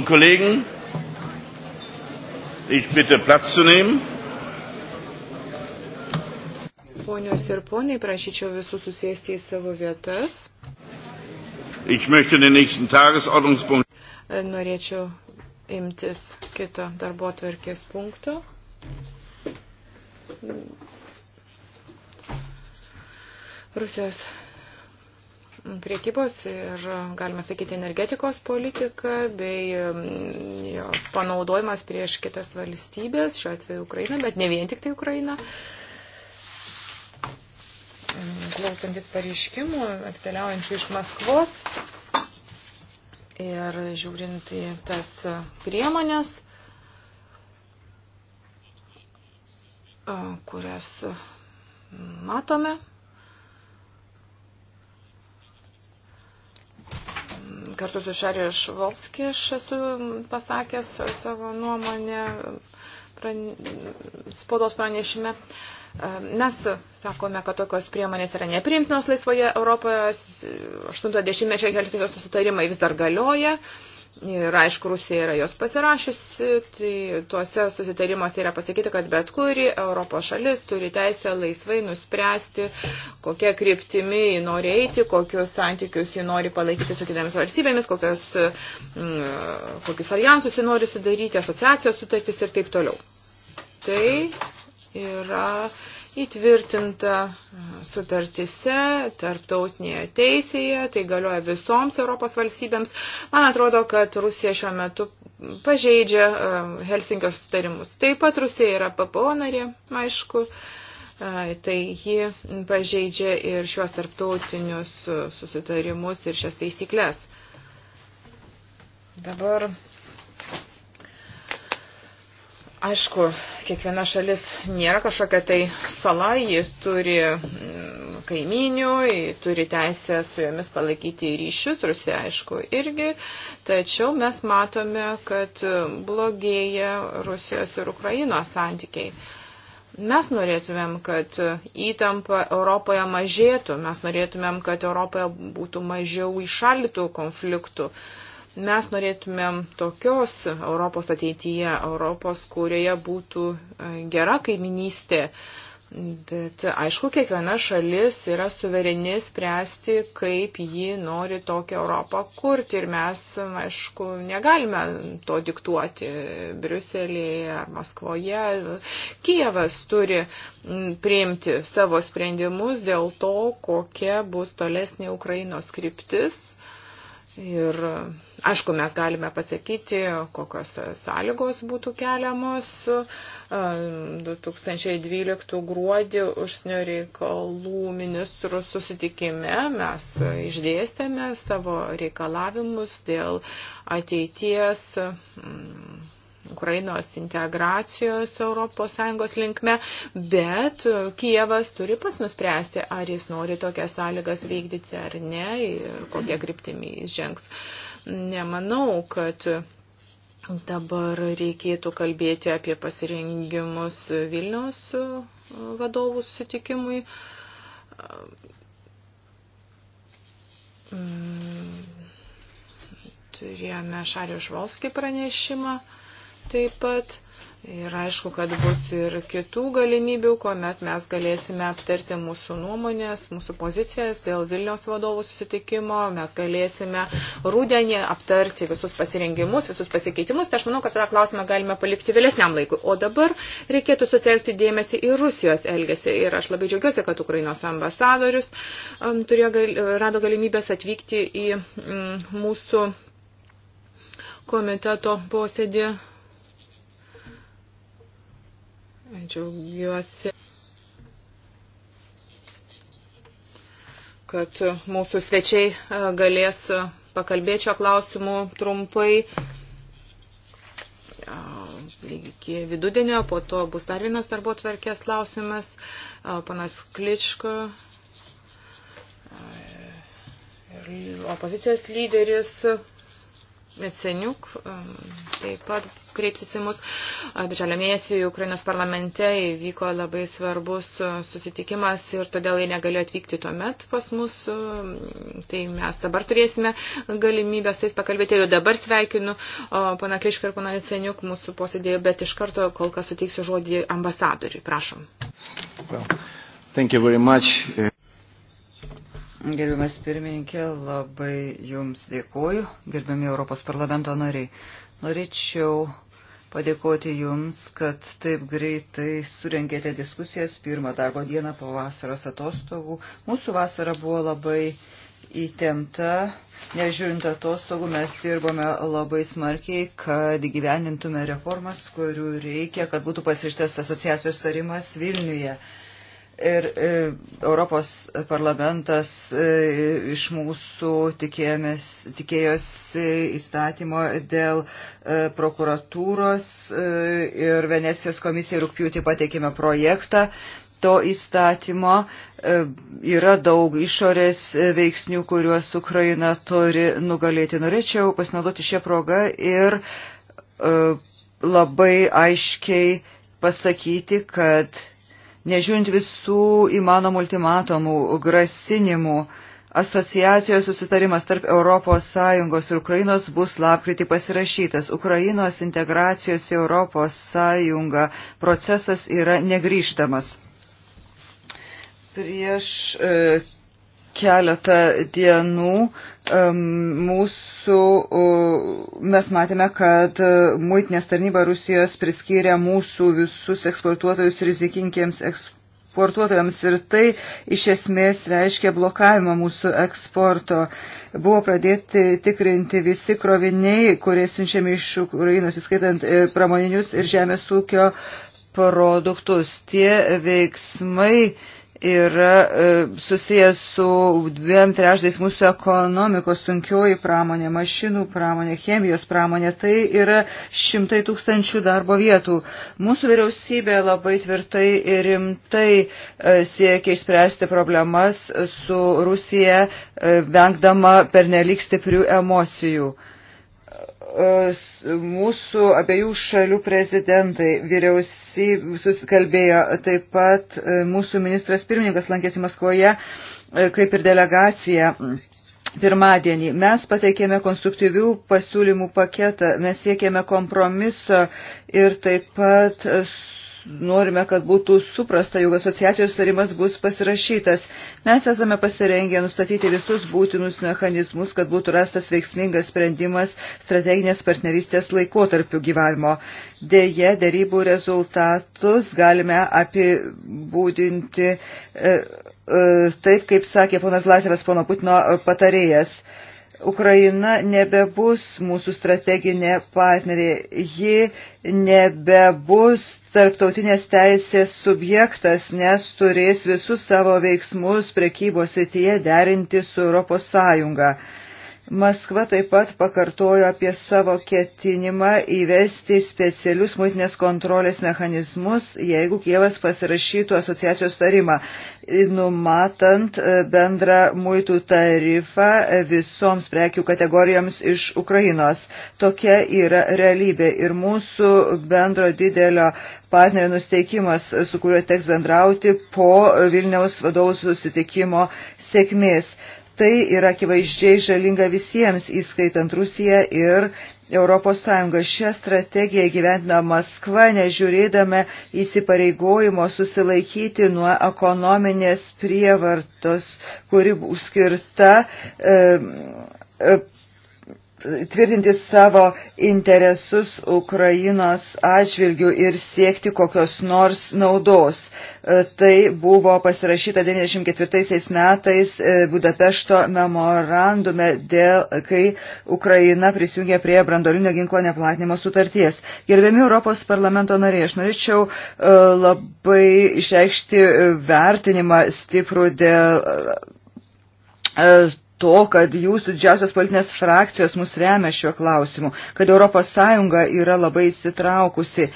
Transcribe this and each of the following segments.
Kolleginnen und Kollegen, ich bitte Platz zu nehmen. Ponios ir ponai, prašyčiau visus susėsti į savo vietas. Ich möchte den nächsten Tagesordnungspunkt. Norėčiau imtis kito darbo tvarkės punkto. Rusijos priekybos ir, galima sakyti, energetikos politika bei mm, jos panaudojimas prieš kitas valstybės, šiuo atveju Ukraina, bet ne vien tik tai Ukraina. Klausantis pareiškimų atkeliaujančių iš Maskvos ir žiūrint į tas priemonės, kurias matome. kartu su Šarė Švolski aš esu pasakęs savo nuomonę prane, spaudos pranešime. E, mes sakome, kad tokios priemonės yra nepriimtinos laisvoje Europoje, 80-mečio Helsinkio susitarimai vis dar galioja. Uh, Ir aišku, Rusija yra jos pasirašiusi, tai tuose susitarimuose yra pasakyti, kad bet kuri Europos šalis turi teisę laisvai nuspręsti, kokia kryptimi jį nori eiti, kokius santykius jį nori palaikyti su kitomis valstybėmis, kokios, mm, kokius alijansus jį nori sudaryti, asociacijos sutartis ir taip toliau. Tai yra įtvirtinta sutartise, tarptautinėje teisėje, tai galioja visoms Europos valstybėms. Man atrodo, kad Rusija šiuo metu pažeidžia e, Helsinkio sutarimus. Taip pat Rusija yra PPO narė, aišku, e, tai ji pažeidžia ir šiuos tarptautinius susitarimus ir šias taisyklės. Dabar Aišku, kiekviena šalis nėra kažkokia tai sala, jis turi mm, kaiminių, turi teisę su jomis palaikyti ryšius, Rusija aišku irgi, tačiau mes matome, kad blogėja Rusijos ir Ukrainos santykiai. Mes norėtumėm, kad įtampa Europoje mažėtų, mes norėtumėm, kad Europoje būtų mažiau įšalytų konfliktų. Uh, Mes norėtumėm tokios Europos ateityje, Europos, kurioje būtų e, gera kaiminystė. Bet aišku, kiekviena šalis yra suvereni spręsti, kaip ji nori tokią Europą kurti. Ir mes, aišku, negalime to diktuoti Briuselėje ar Maskvoje. Kievas turi priimti savo sprendimus dėl to, kokia bus tolesnė Ukrainos kryptis. Uh, Ir aišku, mes galime pasakyti, kokios sąlygos būtų keliamos 2012 gruodį užsienio reikalų ministrų susitikime. Mes išdėstėme savo reikalavimus dėl ateities. Mm, Ukrainos integracijos ES linkme, bet Kievas turi pats nuspręsti, ar jis nori tokias sąlygas vykdyti ar ne ir kokie kryptimi jis žengs. Nemanau, kad dabar reikėtų kalbėti apie pasirengimus Vilniaus vadovų sutikimui. Mm, turėjome Šario Švalskį pranešimą taip pat. Ir aišku, kad bus ir kitų galimybių, kuomet mes galėsime aptarti mūsų nuomonės, mūsų pozicijas dėl Vilniaus vadovų susitikimo, mes galėsime rūdienį aptarti visus pasirengimus, visus pasikeitimus. Tai aš manau, kad tą klausimą galime palikti vėlesniam laikui. O dabar reikėtų sutelkti dėmesį į Rusijos elgesį. Ir aš labai džiaugiuosi, kad Ukrainos ambasadorius um, turėjo, gal, rado galimybės atvykti į mm, mūsų komiteto posėdį Džiaugiuosi, kad mūsų svečiai e, galės pakalbėti šio klausimu trumpai. E, iki vidudienio, po to bus dar vienas darbo tvarkės klausimas. E, panas Kličko ir opozicijos lyderis Ceniuk um, taip pat kreipsis į mus. Birželio mėnesį Ukrainos parlamente įvyko labai svarbus susitikimas ir todėl jie negalėjo atvykti tuomet pas mus. Tai mes dabar turėsime galimybę su jais pakalbėti. Jau dabar sveikinu pana Klišką ir pana Ceniuk mūsų posėdėje, bet iš karto kol kas suteiksiu žodį ambasadoriui. Prašom. Well, thank you very much. Gerbiamas pirmininkė, labai Jums dėkuoju, gerbiami Europos parlamento nariai. Norėčiau padėkoti Jums, kad taip greitai surengėte diskusijas pirmą darbo dieną po vasaros atostogų. Mūsų vasara buvo labai įtempta, nežiūrint atostogų, mes dirbome labai smarkiai, kad gyvenintume reformas, kurių reikia, kad būtų pasirištas asociacijos tarimas Vilniuje ir e, Europos parlamentas e, iš mūsų tikėjomės, tikėjosi įstatymo dėl e, prokuratūros ir Venecijos komisijai rūpjūtį pateikėme projektą to įstatymo. Yra daug išorės veiksnių, kuriuos Ukraina turi nugalėti. Norėčiau pasinaudoti šią progą ir labai aiškiai pasakyti, kad Nežiūrint visų įmanomų ultimatomų, grasinimų, asociacijos susitarimas tarp ES ir Ukrainos bus lapkritį pasirašytas. Ukrainos integracijos į ES procesas yra negryžtamas. Prieš e, keletą dienų mūsų, mes matėme, kad muitinės tarnyba Rusijos priskyrė mūsų visus eksportuotojus rizikinkiems eksportuotojams ir tai iš esmės reiškia blokavimą mūsų eksporto. Buvo pradėti tikrinti visi kroviniai, kurie siunčiami iš Ukrainos, įskaitant e, pramoninius ir žemės ūkio produktus. Tie veiksmai yra e, susijęs su dviem trešdais mūsų ekonomikos sunkioji pramonė, mašinų pramonė, chemijos pramonė. Tai yra šimtai tūkstančių darbo vietų. Mūsų vyriausybė labai tvirtai ir rimtai e, siekia išspręsti problemas su Rusija, e, vengdama pernelik stiprių emocijų. E, mūsų abiejų šalių prezidentai vyriausybių susikalbėjo, taip pat e, mūsų ministras pirmininkas lankėsi Maskvoje e, kaip ir delegacija. Pirmadienį mes pateikėme konstruktyvių pasiūlymų paketą, mes siekėme kompromiso ir taip pat norime, kad būtų suprasta, jog asociacijos tarimas bus pasirašytas. Mes esame pasirengę nustatyti visus būtinus mechanizmus, kad būtų rastas veiksmingas sprendimas strateginės partnerystės laikotarpių gyvavimo. Deja, darybų rezultatus galime apibūdinti e, e, taip, kaip sakė ponas Lasevas, pono Putino patarėjas. E, Ukraina nebebus mūsų strateginė partnerė, ji nebebus tarptautinės teisės subjektas, nes turės visus savo veiksmus prekybos srityje derinti su Europos Sąjunga. Maskva taip pat pakartojo apie savo ketinimą įvesti specialius muitinės kontrolės mechanizmus, jeigu Kievas pasirašytų asociacijos tarimą, numatant e, bendrą muitų tarifą e, visoms prekių kategorijoms iš Ukrainos. Tokia yra realybė ir mūsų bendro didelio partnerio nusteikimas, e, su kuriuo teks bendrauti po Vilniaus vadovų susitikimo sėkmės. Tai yra akivaizdžiai žalinga visiems, įskaitant Rusiją ir ES. Šią strategiją gyventina Maskva, nežiūrėdame įsipareigojimo susilaikyti nuo ekonominės prievartos, kuri skirta. E, e, tvirtinti savo interesus Ukrainos atžvilgių ir siekti kokios nors naudos. E, tai buvo pasirašyta 1994 metais e, Budapešto memorandume, dėl, kai Ukraina prisijungė prie brandolinio ginklo neplatinimo sutarties. Gerbiami Europos parlamento nariai, aš norėčiau e, labai išreikšti vertinimą stiprų dėl to, kad jūsų didžiausios politinės frakcijos mus remia šiuo klausimu, kad ES yra labai įsitraukusi.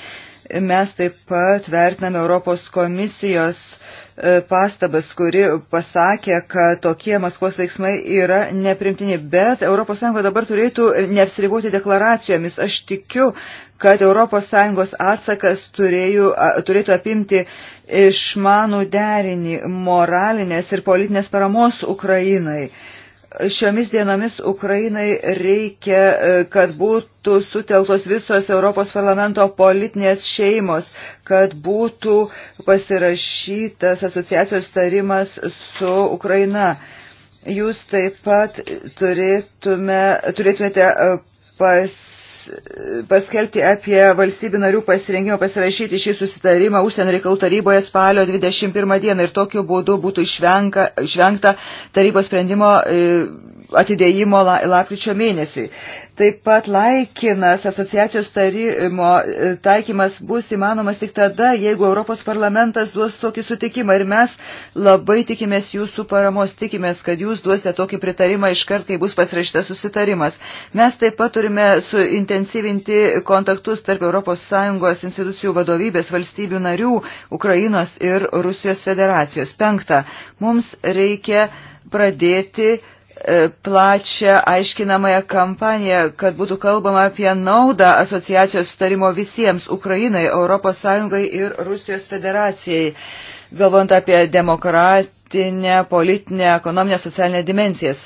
Mes taip pat vertiname Europos komisijos e, pastabas, kuri pasakė, kad tokie Maskvos veiksmai yra neprimtini, bet ES dabar turėtų neapsiriboti deklaracijomis. Aš tikiu, kad ES atsakas turėjų, turėtų apimti išmanų derinį moralinės ir politinės paramos Ukrainai. Šiomis dienomis Ukrainai reikia, e, kad būtų suteltos visos Europos parlamento politinės šeimos, kad būtų pasirašytas asociacijos tarimas su Ukraina. Jūs taip pat turėtume, turėtumėte e, pas paskelbti apie valstybių narių pasirengimą pasirašyti šį susitarimą užsienio reikalų taryboje spalio 21 dieną ir tokiu būdu būtų išvenka, išvengta tarybos sprendimo e, atidėjimo lapkričio mėnesiui. Taip pat laikinas asociacijos tarimo e, taikymas bus įmanomas tik tada, jeigu Europos parlamentas duos tokį sutikimą ir mes labai tikimės jūsų paramos, tikimės, kad jūs duosite tokį pritarimą iškart, kai bus pasirašytas susitarimas. Mes taip pat turime suintensyvinti kontaktus tarp ES institucijų vadovybės valstybių narių, Ukrainos ir Rusijos federacijos. Penkta, mums reikia pradėti E, plačią aiškinamąją kampaniją, kad būtų kalbama apie naudą asociacijos sutarimo visiems Ukrainai, ES ir Rusijos federacijai, galvant apie demokratinę, politinę, ekonominę, socialinę dimensijas.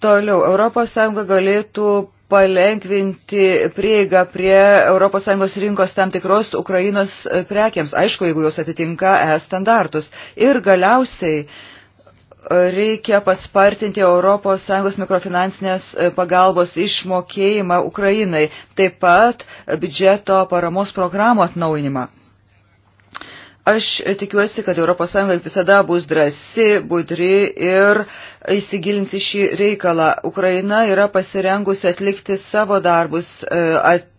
Toliau, ES galėtų palengvinti prieigą prie ES rinkos tam tikros Ukrainos prekiams, aišku, jeigu jos atitinka e standartus. Ir galiausiai, reikia paspartinti ES mikrofinansinės e, pagalbos išmokėjimą Ukrainai, taip pat biudžeto paramos programų atnauinimą. Aš e, tikiuosi, kad ES visada bus drasi, budri ir įsigilins į šį reikalą. Ukraina yra pasirengusi atlikti savo darbus, e, at,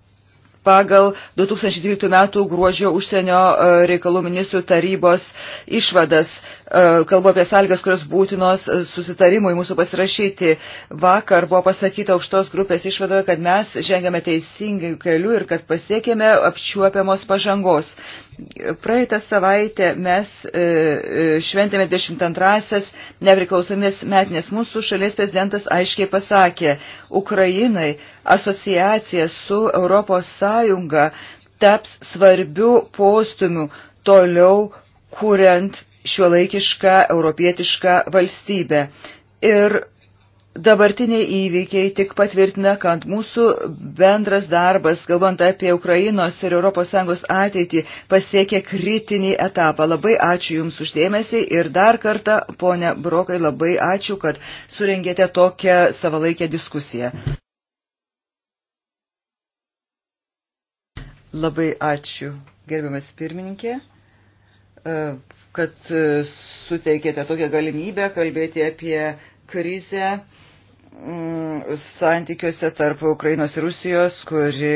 pagal 2012 m. gruodžio užsienio e, reikalų ministrų tarybos išvadas. E, kalbu apie sąlygas, kurios būtinos e, susitarimui mūsų pasirašyti. Vakar buvo pasakyta aukštos grupės išvadoje, kad mes žengiame teisingai keliu ir kad pasiekėme apčiuopiamos pažangos. Praeitą savaitę mes e, e, šventėme 22-asias nepriklausomės metinės. Mūsų šalies prezidentas aiškiai pasakė, Ukrainai asociacija su Europos Sąjunga taps svarbių postumių toliau kuriant šiuolaikišką europietišką valstybę. Ir Dabartiniai įvykiai tik patvirtina, kad mūsų bendras darbas, galvant apie Ukrainos ir ES ateitį, pasiekė kritinį etapą. Labai ačiū Jums uždėmesį ir dar kartą, ponė Brokai, labai ačiū, kad surengėte tokią savalaikę diskusiją. Labai ačiū, gerbiamas pirmininkė e, kad e, suteikėte tokią galimybę kalbėti apie krizę Mm, santykiuose tarp Ukrainos ir Rusijos, kuri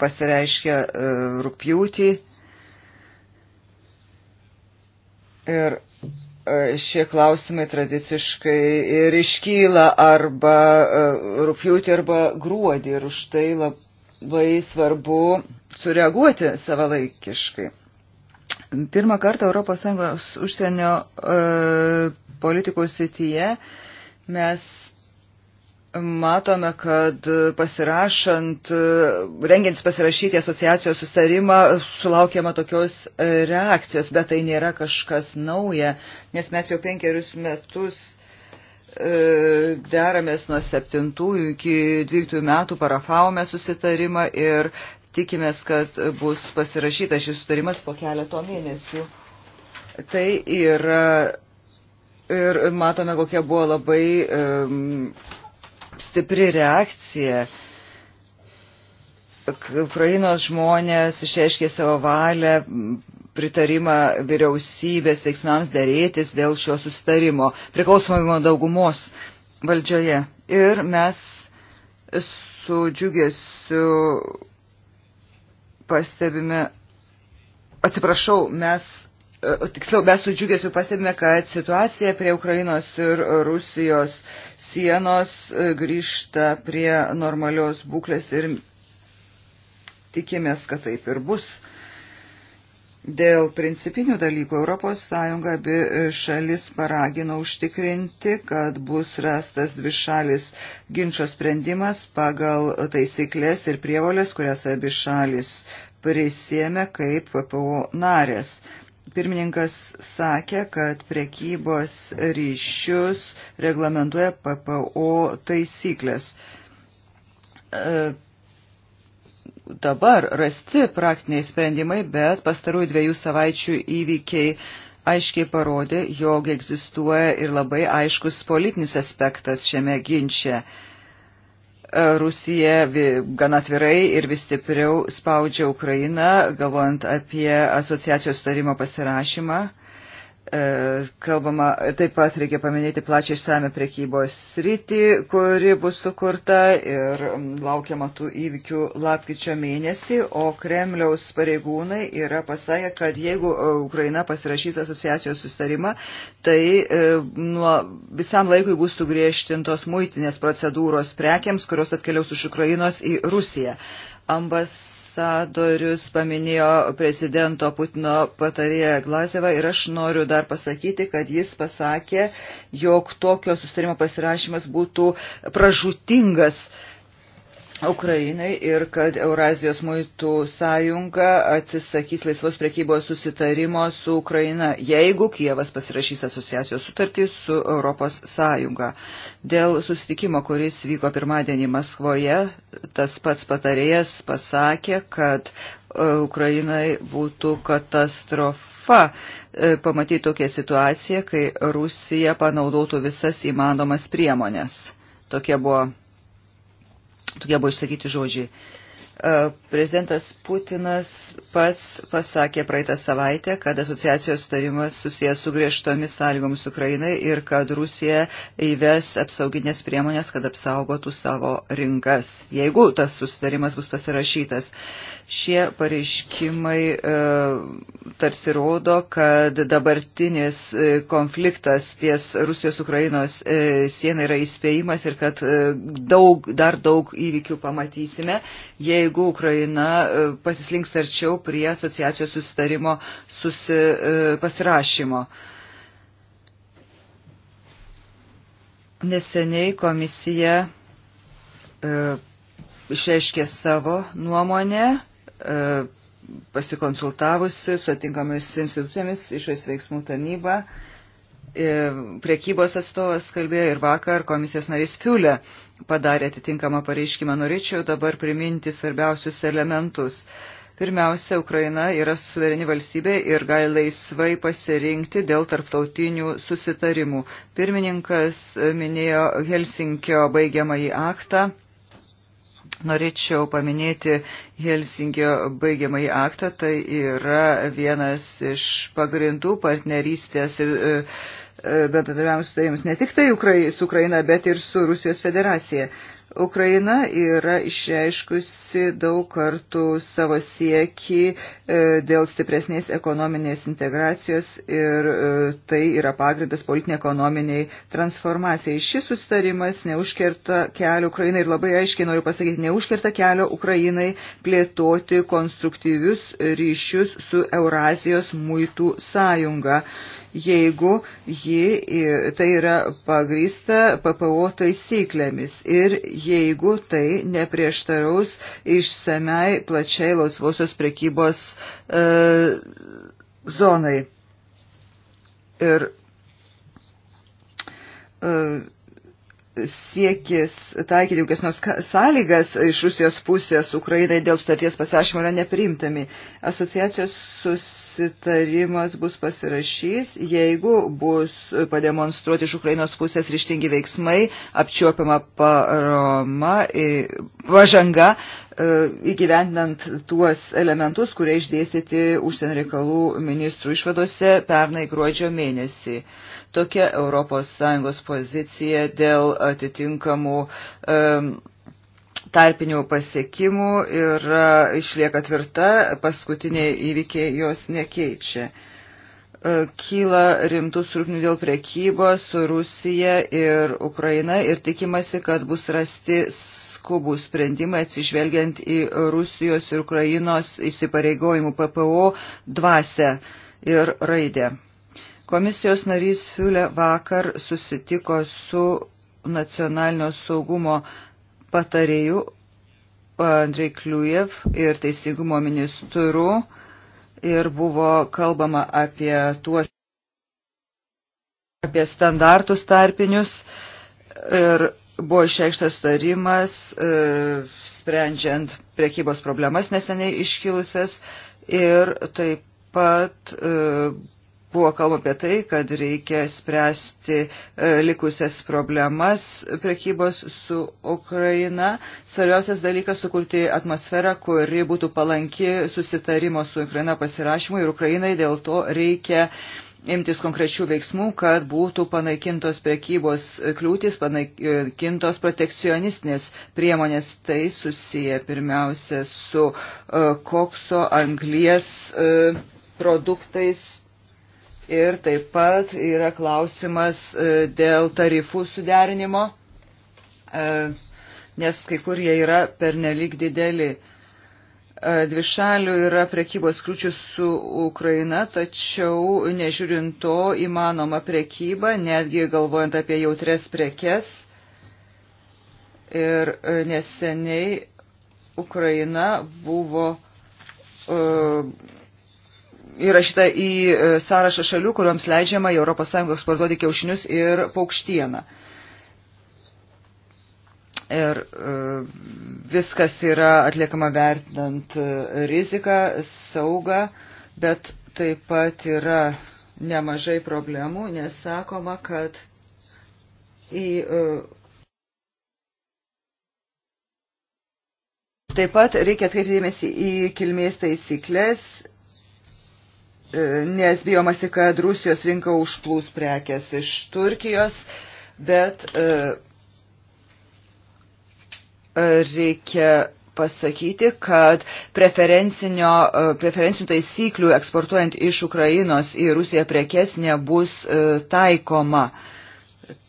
pasireiškia e, rūpjūtį. Ir e, šie klausimai tradiciškai ir iškyla arba e, rūpjūtį, arba gruodį. Ir už tai labai svarbu sureaguoti savalaikiškai. Pirmą kartą ES užsienio e, politikos sityje mes Matome, kad pasirašant, rengiantis pasirašyti asociacijos sustarimą, sulaukiama tokios reakcijos, bet tai nėra kažkas nauja, nes mes jau penkerius metus e, deramės nuo 7 iki 12 metų, parafavome susitarimą ir tikimės, kad bus pasirašytas šis sutarimas po keleto mėnesių. Tai yra ir matome, kokia buvo labai um, stipri reakcija. Ukrainos žmonės išreiškė savo valią, pritarimą vyriausybės veiksmams dėrėtis dėl šio sustarimo, priklausomimo daugumos valdžioje. Ir mes su džiugesiu pastebime, atsiprašau, mes Tiksliau, mes su džiugesiu pastebime, kad situacija prie Ukrainos ir Rusijos sienos e, grįžta prie normalios būklės ir tikimės, kad taip ir bus. Dėl principinių dalykų ES abi šalis paragino užtikrinti, kad bus rastas dvišalis ginčio sprendimas pagal taisyklės ir prievolės, kurias abi šalis prisėmė kaip PPO narės pirmininkas sakė, kad prekybos ryšius reglamentuoja PPO taisyklės. E, dabar rasti praktiniai sprendimai, bet pastarųjų dviejų savaičių įvykiai aiškiai parodė, jog egzistuoja ir labai aiškus politinis aspektas šiame ginče. Rusija gana atvirai ir vis stipriau spaudžia Ukrainą, galvojant apie asociacijos starimo pasirašymą. E, kalbama, taip pat reikia paminėti plačiai išsame prekybos sritį, kuri bus sukurta ir laukiama tų įvykių lapkričio mėnesį, o Kremliaus pareigūnai yra pasakę, kad jeigu Ukraina pasirašys asociacijos sustarimą, tai e, nuo visam laikui bus sugriežtintos muitinės procedūros prekiams, kurios atkeliaus iš Ukrainos į Rusiją. Ambasadorius paminėjo prezidento Putino patarėją Glazevą ir aš noriu dar pasakyti, kad jis pasakė, jog tokio sustarimo pasirašymas būtų pražutingas uh, Ukrainai ir kad Eurazijos muitų sąjunga atsisakys laisvos prekybos susitarimo su Ukraina, jeigu Kievas pasirašys asociacijos sutartį su Europos sąjunga. Dėl susitikimo, kuris vyko pirmadienį Maskvoje, tas pats patarėjas pasakė, kad e, Ukrainai būtų katastrofa e, pamatyti tokią situaciją, kai Rusija panaudotų visas įmanomas priemonės. Tokie buvo Tokie buvo išsakyti žodžiai. E, prezidentas Putinas pats pasakė praeitą savaitę, kad asociacijos tarimas susijęs su griežtomis sąlygomis Ukrainai ir kad Rusija įves apsauginės priemonės, kad apsaugotų savo rinkas, jeigu tas susitarimas bus pasirašytas. Šie pareiškimai e, tarsi rodo, kad dabartinis e, konfliktas ties Rusijos-Ukrainos e, siena yra įspėjimas ir kad e, daug, dar daug įvykių pamatysime. Jeigu jeigu Ukraina e, pasislinks arčiau prie asociacijos susitarimo susi, e, pasirašymo. Neseniai komisija e, išreiškė savo nuomonę, pasikonsultavusi su atinkamomis institucijomis, išorės veiksmų tarnyba E, priekybos atstovas kalbėjo ir vakar komisijos narys Fiulė padarė atitinkamą pareiškimą. Norėčiau dabar priminti svarbiausius elementus. Pirmiausia, Ukraina yra suvereni valstybė ir gali laisvai pasirinkti dėl tarptautinių susitarimų. Pirmininkas minėjo Helsinkio baigiamąjį aktą norėčiau paminėti Helsinkio baigiamąjį aktą. Tai yra vienas iš pagrindų partnerystės ir e, e, bendradarbiavimus sutarimus ne tik tai su Ukraina, bet ir su Rusijos federacija. Ukraina yra išreiškusi daug kartų savo siekį e, dėl stipresnės ekonominės integracijos ir e, tai yra pagrindas politinė ekonominiai transformacijai. Šis sustarimas neužkerta kelio Ukrainai ir labai aiškiai noriu pasakyti, neužkerta kelio Ukrainai plėtoti konstruktyvius ryšius su Eurazijos muitų sąjunga jeigu ji, tai yra pagrįsta PPO taisyklėmis ir jeigu tai neprieštaraus išsamei plačiai laisvosios prekybos e, zonai. Ir e, siekis taikyti kokias nors sąlygas iš Rusijos pusės Ukrainai dėl sutarties pasirašymo yra neprimtami. Asociacijos susitarimas bus pasirašys, jeigu bus pademonstruoti iš Ukrainos pusės ryštingi veiksmai, apčiuopiama paroma, pažanga e, įgyvendinant tuos elementus, kurie išdėstyti užsienio reikalų ministrų išvadose pernai gruodžio mėnesį. Tokia ES pozicija dėl atitinkamų um, tarpinių pasiekimų ir e, išlieka tvirta, paskutiniai įvykiai jos nekeičia. E, kyla rimtų surūpnių dėl prekybos su Rusija ir Ukraina ir tikimasi, kad bus rasti skubų sprendimai atsižvelgiant į Rusijos ir Ukrainos įsipareigojimų PPO dvasę ir raidę. Komisijos narys Fiulė vakar susitiko su nacionalinio saugumo patarėju Andrei Kliujev ir teisingumo ministru ir buvo kalbama apie tuos apie standartus tarpinius ir buvo išreikštas sutarimas e, sprendžiant priekybos problemas neseniai iškilusias ir taip pat e, buvo kalbama apie tai, kad reikia spręsti e, likusias problemas prekybos su Ukraina. Svarbiausias dalykas - sukurti atmosferą, kuri būtų palanki susitarimo su Ukraina pasirašymui ir Ukrainai dėl to reikia imtis konkrečių veiksmų, kad būtų panaikintos prekybos kliūtis, panaikintos protekcionistinės priemonės. Tai susiję pirmiausia su e, kokso anglies e, produktais ir taip pat yra klausimas e, dėl tarifų suderinimo, e, nes kai kur jie yra pernelyg dideli. E, dvišalių yra prekybos kliūčių su Ukraina, tačiau nežiūrint to įmanoma prekyba, netgi galvojant apie jautres prekes. Ir neseniai Ukraina buvo uh, įrašyta į e, sąrašą šalių, kuriuoms leidžiama į ES eksportuoti kiaušinius ir paukštieną. Ir e, viskas yra atliekama vertinant e, riziką, saugą, bet taip pat yra nemažai problemų, nes sakoma, kad į Taip pat reikia atkreipti dėmesį į kilmės taisyklės E, nes bijomasi, kad Rusijos rinka užplūs prekes iš Turkijos, bet e, e, reikia pasakyti, kad preferencinių taisyklių eksportuojant iš Ukrainos į Rusiją prekes nebus taikoma.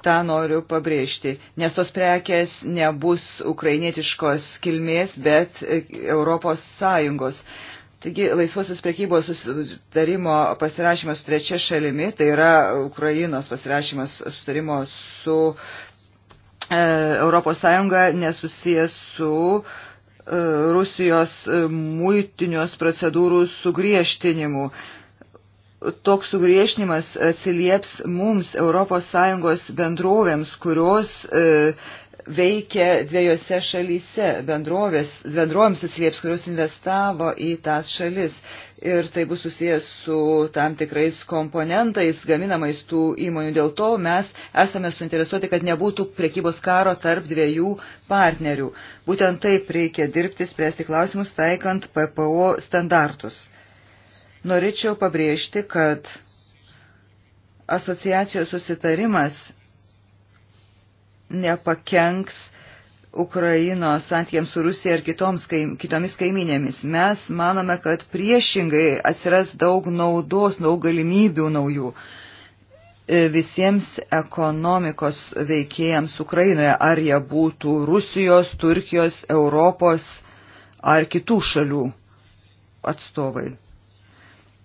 Ta noriu pabrėžti, nes tos prekes nebus ukrainietiškos kilmės, bet Europos Sąjungos. Uh, Taigi laisvosios prekybos susitarimo pasirašymas su trečia šalimi, tai yra Ukrainos pasirašymas susitarimo su e, Europos Sąjunga nesusijęs su e, Rusijos muitinios procedūrų sugriežtinimu. Toks sugriežtinimas atsilieps mums Europos Sąjungos bendrovėms, kurios e, veikia dviejose šalyse, bendrovės, bendrovėms atsilieps, kurios investavo į tas šalis. Ir tai bus susijęs su tam tikrais komponentais gaminamais tų įmonių. Dėl to mes esame suinteresuoti, kad nebūtų priekybos karo tarp dviejų partnerių. Būtent taip reikia dirbti, spręsti klausimus, taikant PPO standartus. Norėčiau pabrėžti, kad asociacijos susitarimas nepakenks Ukrainos santykiams su Rusija ir kitoms, kaim, kitomis kaiminėmis. Mes manome, kad priešingai atsiras daug naudos, daug galimybių naujų e, visiems ekonomikos veikėjams Ukrainoje, ar jie būtų Rusijos, Turkijos, Europos ar kitų šalių atstovai.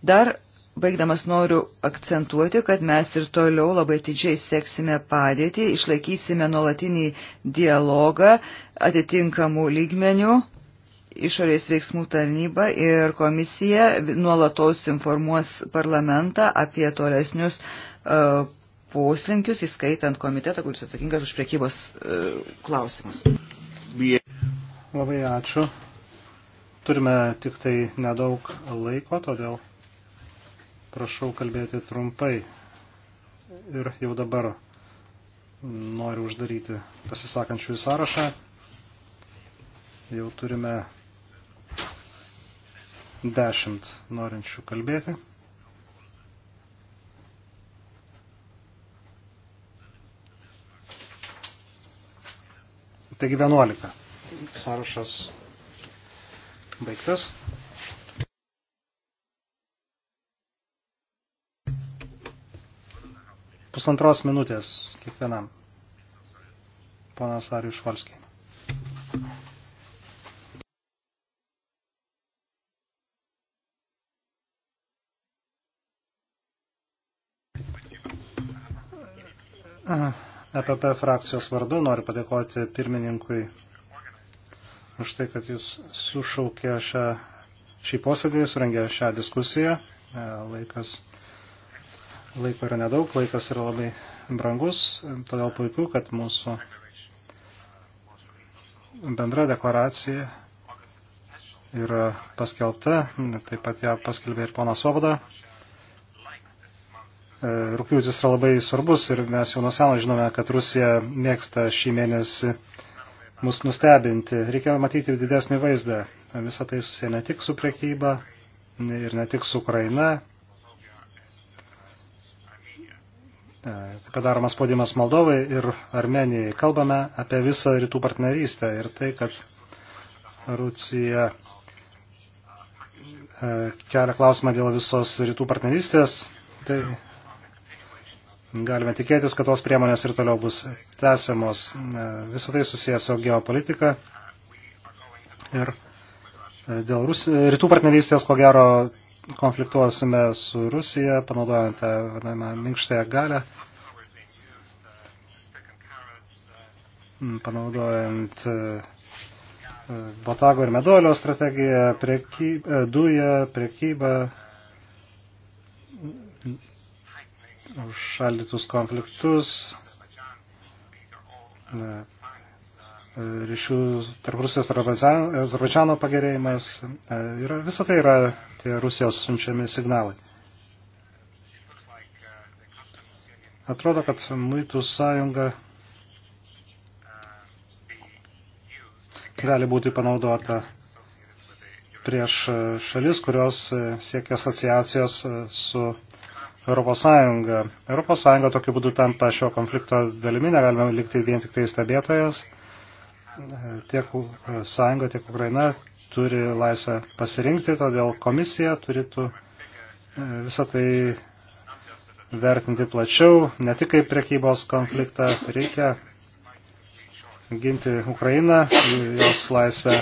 Dar Baigdamas noriu akcentuoti, kad mes ir toliau labai didžiai seksime padėtį, išlaikysime nuolatinį dialogą atitinkamų lygmenių. Išorės veiksmų tarnyba ir komisija nuolatos informuos parlamentą apie tolesnius uh, poslinkius, įskaitant komitetą, kuris atsakingas už priekybos uh, klausimus. Labai ačiū. Turime tik tai nedaug laiko, todėl prašau kalbėti trumpai. Ir jau dabar noriu uždaryti pasisakančiųjų sąrašą. Jau turime dešimt norinčių kalbėti. Taigi 11. Sąrašas baigtas. pusantros minutės kiekvienam. Ponas Arijus Valskiai. EPP frakcijos vardu noriu padėkoti pirmininkui už tai, kad jis sušaukė šią, šį posėdį, surengė šią diskusiją. E, laikas Laiko yra nedaug, laikas yra labai brangus, todėl puiku, kad mūsų bendra deklaracija yra paskelbta, taip pat ją paskelbė ir ponas Svoboda. E, rūpiutis yra labai svarbus ir mes jau nuo seno žinome, kad Rusija mėgsta šį mėnesį mus nustebinti. Reikia matyti didesnį vaizdą. Visą tai susiję ne tik su prekyba ir ne tik su Ukraina, E, kad daromas spaudimas Moldovai ir Armenijai. Kalbame apie visą rytų partnerystę ir tai, kad Rusija e, kelia klausimą dėl visos rytų partnerystės, tai galime tikėtis, kad tos priemonės ir toliau bus tęsiamos. E, visą tai susijęs su geopolitika ir dėl Rus... rytų partnerystės, ko gero, konfliktuosime su Rusija, panaudojant tą vadinamą minkštąją galę, panaudojant e, botago ir medolio strategiją, prieky, e, dują, priekybą, šaldytus konfliktus, e, ryšių tarp Rusijos ir Azerbaidžiano pagerėjimas. E, yra, visa tai yra tie Rusijos siunčiami signalai. Atrodo, kad muitų sąjunga gali būti panaudota prieš šalis, kurios siekia asociacijos su Europos Sąjunga. Europos Sąjunga tokiu būdu tampa šio konflikto dalimi, negalime likti vien tik tai stebėtojas tiek sąjunga, tiek Ukraina turi laisvę pasirinkti, todėl komisija turėtų e, visą tai vertinti plačiau, ne tik kaip prekybos konfliktą, reikia ginti Ukrainą, jos laisvę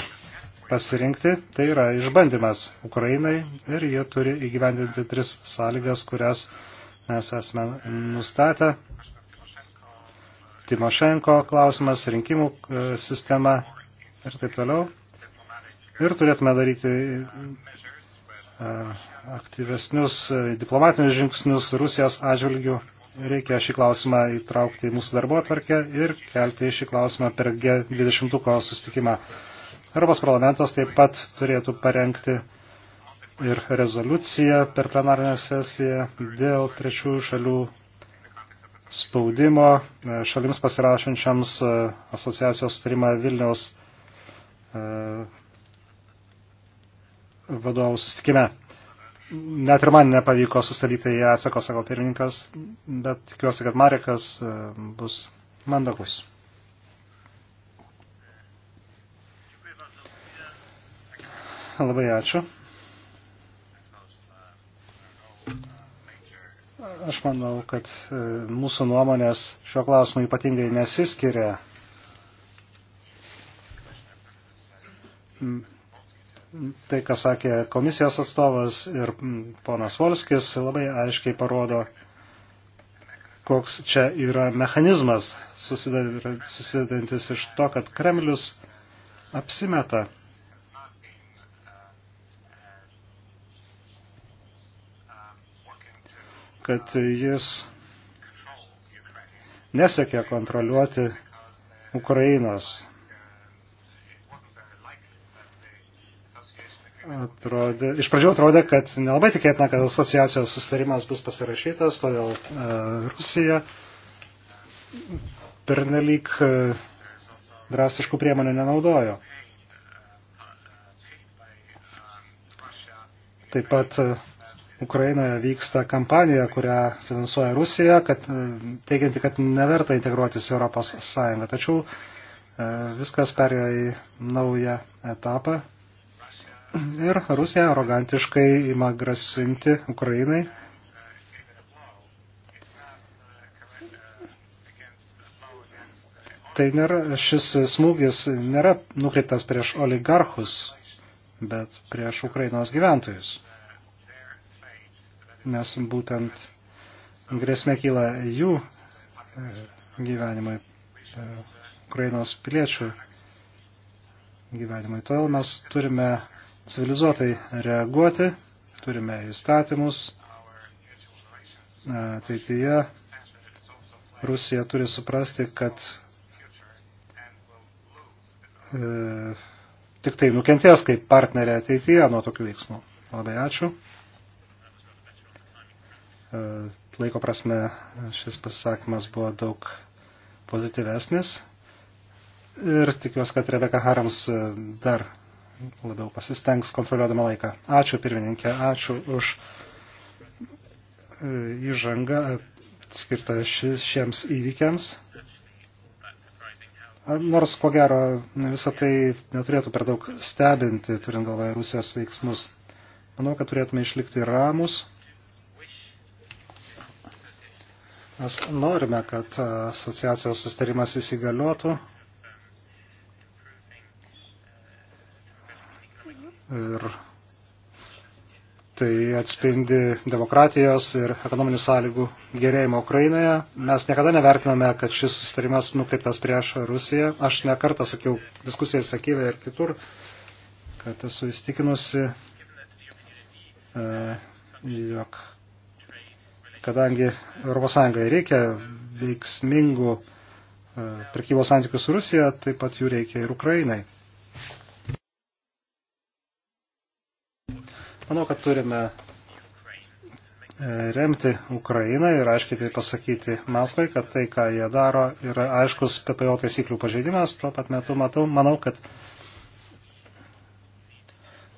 pasirinkti. Tai yra išbandymas Ukrainai ir jie turi įgyvendinti tris sąlygas, kurias mes esame nustatę. Timošenko klausimas, rinkimų e, sistema ir taip toliau. Ir turėtume daryti e, aktyvesnius e, diplomatinius žingsnius Rusijos atžvilgių. Reikia šį klausimą įtraukti į mūsų darbo atvarkę ir kelti šį klausimą per G20 susitikimą. Europos parlamentas taip pat turėtų parengti ir rezoliuciją per plenarinę sesiją dėl trečiųjų šalių spaudimo e, šalims pasirašančiams e, asociacijos sutarimą Vilniaus e, vadovų sustikime. Net ir man nepavyko sustabdyti į atsako, sako pirmininkas, bet tikiuosi, kad Marekas bus mandagus. Labai ačiū. Aš manau, kad e, mūsų nuomonės šio klausimu ypatingai nesiskiria. Tai, ką sakė komisijos atstovas ir ponas Volskis, labai aiškiai parodo, koks čia yra mechanizmas susidantis iš to, kad Kremlius apsimeta kad jis nesiekė kontroliuoti Ukrainos. Atrodė, iš pradžių atrodė, kad nelabai tikėtina, kad asociacijos sustarimas bus pasirašytas, todėl e, Rusija pernelyg e, drastiškų priemonių nenaudojo. Taip pat e, Ukrainoje vyksta kampanija, kurią finansuoja Rusija, kad, e, teigianti, kad neverta integruotis į Europos Sąjungą. Tačiau e, viskas perėjo į naują etapą ir Rusija arogantiškai ima grasinti Ukrainai. Tai nėra, šis smūgis nėra nukreiptas prieš oligarchus, bet prieš Ukrainos gyventojus nes būtent grėsmė kyla jų e, gyvenimui, e, Ukrainos piliečių gyvenimui. Todėl mes turime civilizuotai reaguoti, turime įstatymus. Ateityje Rusija turi suprasti, kad e, tik tai nukentės kaip partnerė ateityje nuo tokių veiksmų. Labai ačiū. E, laiko prasme šis pasisakymas buvo daug pozityvesnis. Ir tikiuosi, kad Rebeka Harams e, dar labiau pasistengs kontroliuodama laiką. Ačiū pirmininkė, ačiū už e, įžangą skirtą šiems įvykiams. Nors, ko gero, visą tai neturėtų per daug stebinti, turint galvoje Rusijos veiksmus. Manau, kad turėtume išlikti ramus Mes norime, kad asociacijos sustarimas įsigaliotų. Ir tai atspindi demokratijos ir ekonominių sąlygų gerėjimą Ukrainoje. Mes niekada nevertiname, kad šis sustarimas nukreiptas prieš Rusiją. Aš nekartą sakiau diskusijai sakyvę ir kitur, kad esu įstikinusi, e, jog kadangi ES reikia veiksmingų e, prekybos santykių su Rusija, taip pat jų reikia ir Ukrainai. Manau, kad turime e, remti Ukrainą ir aiškiai tai pasakyti Maskvai, kad tai, ką jie daro, yra aiškus PPO taisyklių pažeidimas. Tuo pat metu matau, manau, kad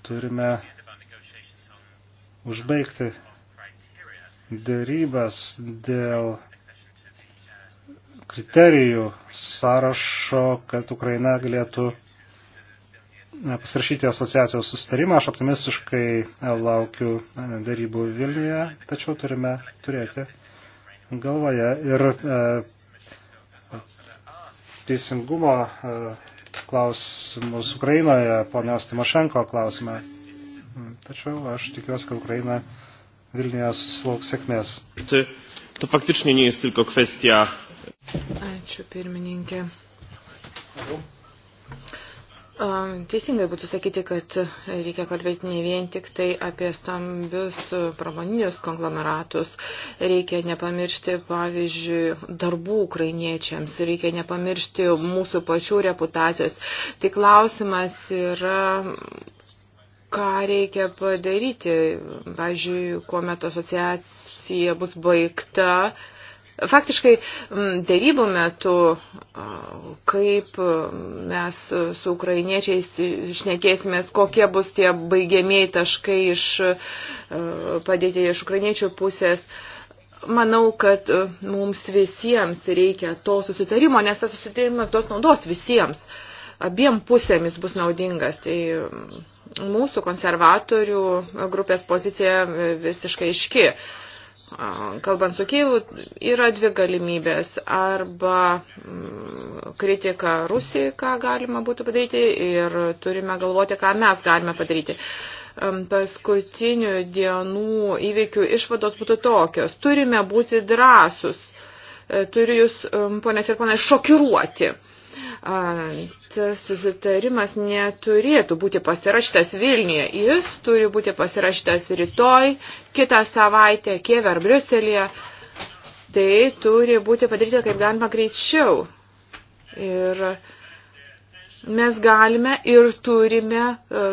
turime užbaigti dėrybas dėl kriterijų sąrašo, kad Ukraina galėtų pasirašyti asociacijos sustarimą. Aš optimistiškai laukiu darybų Vilniuje, tačiau turime turėti galvoje ir e, teisingumo e, klausimus Ukrainoje, ponios Timošenko klausimą. Tačiau aš tikiuosi, kad Ukraina Vilniuje susilauk sėkmės. To faktiškai nie jest tylko kwestia. Ačiū pirmininkė. Ačiū. Teisingai būtų sakyti, kad reikia kalbėti ne vien tik tai apie stambius pramoninius konglomeratus. Reikia nepamiršti, pavyzdžiui, darbų ukrainiečiams, reikia nepamiršti mūsų pačių reputacijos. Tai klausimas yra ką reikia padaryti. Pavyzdžiui, kuomet asociacija bus baigta, Faktiškai dėrybų metu, kaip mes su ukrainiečiais šnekėsimės, kokie bus tie baigiamieji taškai iš padėti iš ukrainiečių pusės, manau, kad mums visiems reikia to susitarimo, nes tas susitarimas duos naudos visiems. Abiem pusėmis bus naudingas. Tai mūsų konservatorių grupės pozicija visiškai iški. Kalbant su Kyvu, yra dvi galimybės. Arba mm, kritika Rusijai, ką galima būtų padaryti, ir turime galvoti, ką mes galime padaryti paskutinių dienų įveikių išvados būtų tokios. Turime būti drąsus. E, turiu jūs, ponės ir ponai, šokiruoti tas susitarimas neturėtų būti pasirašytas Vilniuje. Jis turi būti pasirašytas rytoj, kitą savaitę, Kievė ar Briuselėje. Tai turi būti padaryta kaip galima greičiau. Ir mes galime ir turime e,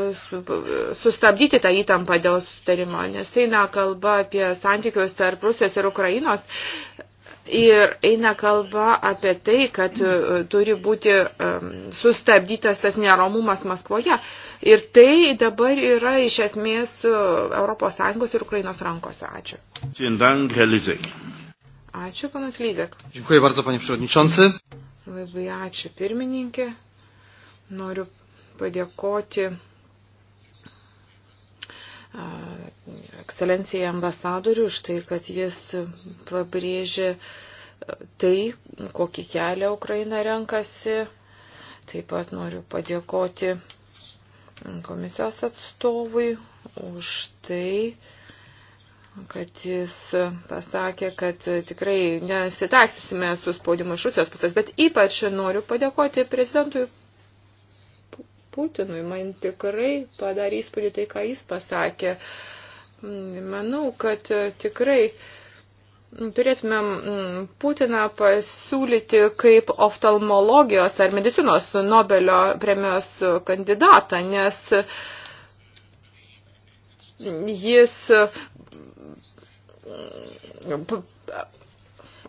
sustabdyti tą įtampą dėl sustarimo, nes eina kalba apie santykius tarp Rusijos ir Ukrainos Ir eina kalba apie tai, kad e, turi būti e, sustabdytas tas neramumas Maskvoje. Ir tai dabar yra iš esmės ES ir Ukrainos rankose. Ačiū. Ačiū, panas Lyzek. Dziękuję bardzo, panie przewodniczący. Labai ačiū, pirmininkė. Noriu padėkoti ekscelencijai ambasadoriui už tai, kad jis pabrėžė tai, kokį kelią Ukraina renkasi. Taip pat noriu padėkoti komisijos atstovui už tai, kad jis pasakė, kad tikrai nesitaksysime su spaudimu iš Rusijos pusės, bet ypač noriu padėkoti prezidentui Putinui. Man tikrai padarė įspūdį tai, ką jis pasakė. Mm, manau, kad e, tikrai mm, turėtumėm mm, Putiną pasiūlyti kaip oftalmologijos ar medicinos Nobelio premijos kandidatą, nes jis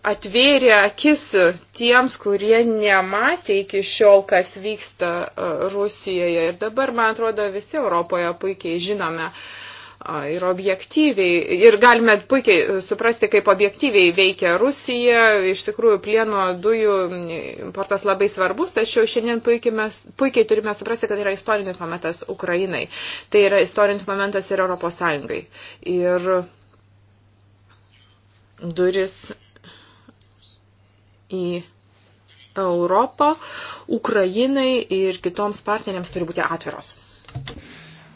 atvėrė akis tiems, kurie nematė iki šiol, kas vyksta e, Rusijoje. Ir dabar, man atrodo, visi Europoje puikiai žinome, e, ir objektyviai, ir galime puikiai e, suprasti, kaip objektyviai veikia Rusija. Iš tikrųjų, plieno dujų importas labai svarbus, tačiau šiandien puikiai, mes, puikiai turime suprasti, kad tai yra istorinis momentas Ukrainai. Tai yra istorinis momentas ir Europos Sąjungai. Ir duris į Europą, Ukrainai ir kitoms partneriams turi būti atviros.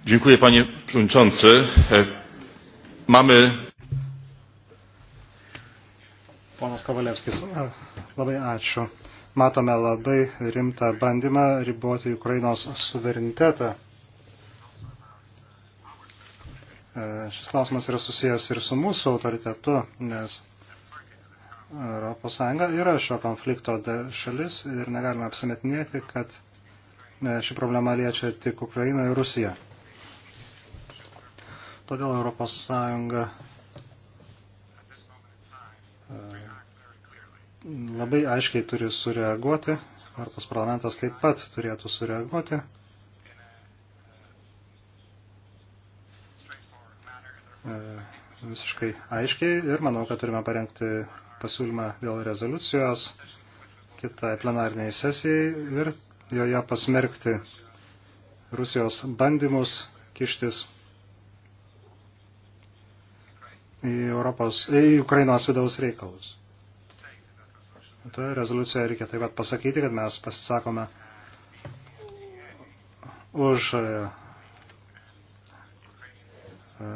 Dziękuję, panie przewodniczący. E, mamy. Ponas Kovalevskis, labai ačiū. Matome labai rimtą bandymą riboti Ukrainos suverenitetą. E, šis klausimas yra susijęs ir su mūsų autoritetu, nes ES yra šio konflikto šalis ir negalime apsimetinėti, kad e, ši problema liečia tik Ukrainą ir Rusiją. Todėl ES e, labai aiškiai turi sureaguoti, Europos parlamentas taip pat turėtų sureaguoti. E, visiškai aiškiai ir manau, kad turime parengti pasiūlymą dėl rezoliucijos kitai plenarniai sesijai ir joje pasmerkti Rusijos bandymus kištis į, Europos, į Ukrainos vidaus reikalus. Toje rezoliucijoje reikia taip pat pasakyti, kad mes pasisakome už e, e,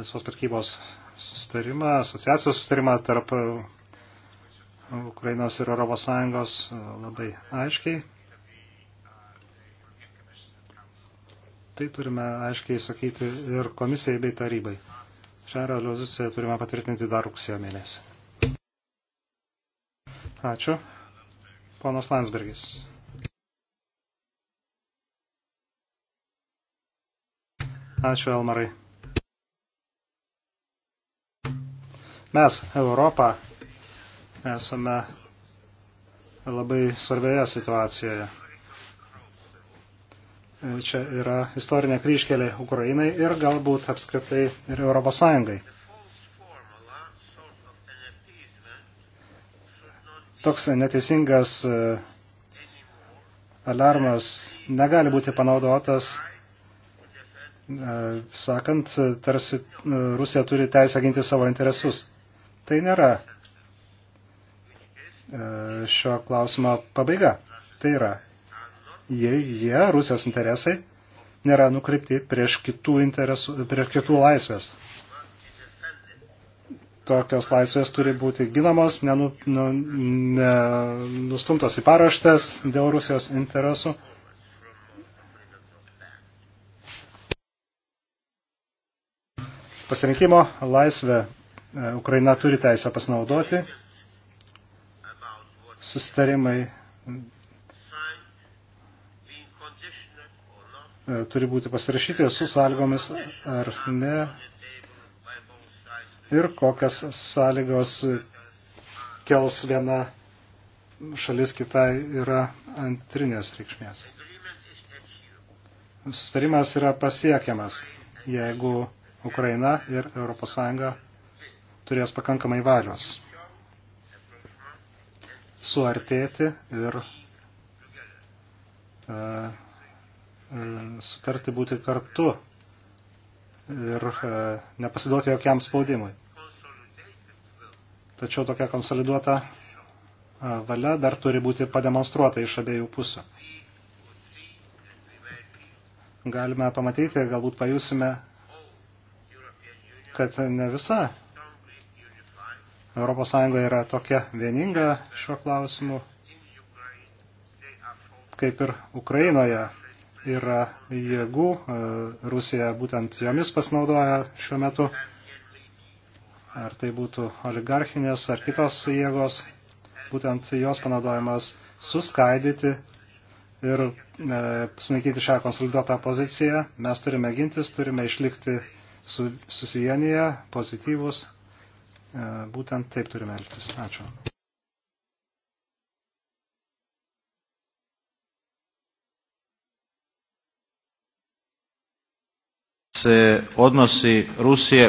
laisvos pirkybos sustarimą, asociacijos sustarimą tarp uh, Ukrainos ir Europos Sąjungos uh, labai aiškiai. Tai turime aiškiai sakyti ir komisijai bei tarybai. Šią realizaciją turime patvirtinti dar rugsėjo mėnesį. Ačiū. Ponas Landsbergis. Ačiū, Elmarai. Mes, Europą, esame labai svarbioje situacijoje. Čia yra istorinė kryškelė Ukrainai ir galbūt apskritai ir Europos Sąjungai. Toks neteisingas e, alarmas negali būti panaudotas, e, sakant, tarsi e, Rusija turi teisę ginti savo interesus. Tai nėra e, šio klausimo pabaiga. Tai yra, jei jie, Rusijos interesai, nėra nukreipti prieš kitų, interesų, prieš kitų laisvės. Tokios laisvės turi būti ginamos, nenu, nu, ne, nustumtos į paraštes dėl Rusijos interesų. Pasirinkimo laisvė E, Ukraina turi teisę pasinaudoti. Sustarimai e, turi būti pasirašyti su sąlygomis ar ne. Ir kokias sąlygos kels viena šalis kitai yra antrinės reikšmės. Sustarimas yra pasiekiamas, jeigu Ukraina ir ES turės pakankamai valios suartėti ir e, e, sutarti būti kartu ir e, nepasiduoti jokiam spaudimui. Tačiau tokia konsoliduota e, valia dar turi būti pademonstruota iš abiejų pusių. Galime pamatyti, galbūt pajusime, kad ne visa ES yra tokia vieninga šiuo klausimu, kaip ir Ukrainoje yra jėgų, e, Rusija būtent jomis pasinaudoja šiuo metu, ar tai būtų oligarchinės ar kitos jėgos, būtent jos panaudojimas suskaidyti ir e, sunaikyti šią konsoliduotą poziciją. Mes turime gintis, turime išlikti su, susivienyje, pozityvus E, būtent taip turime elgtis. Ačiū. se odnosi Rusije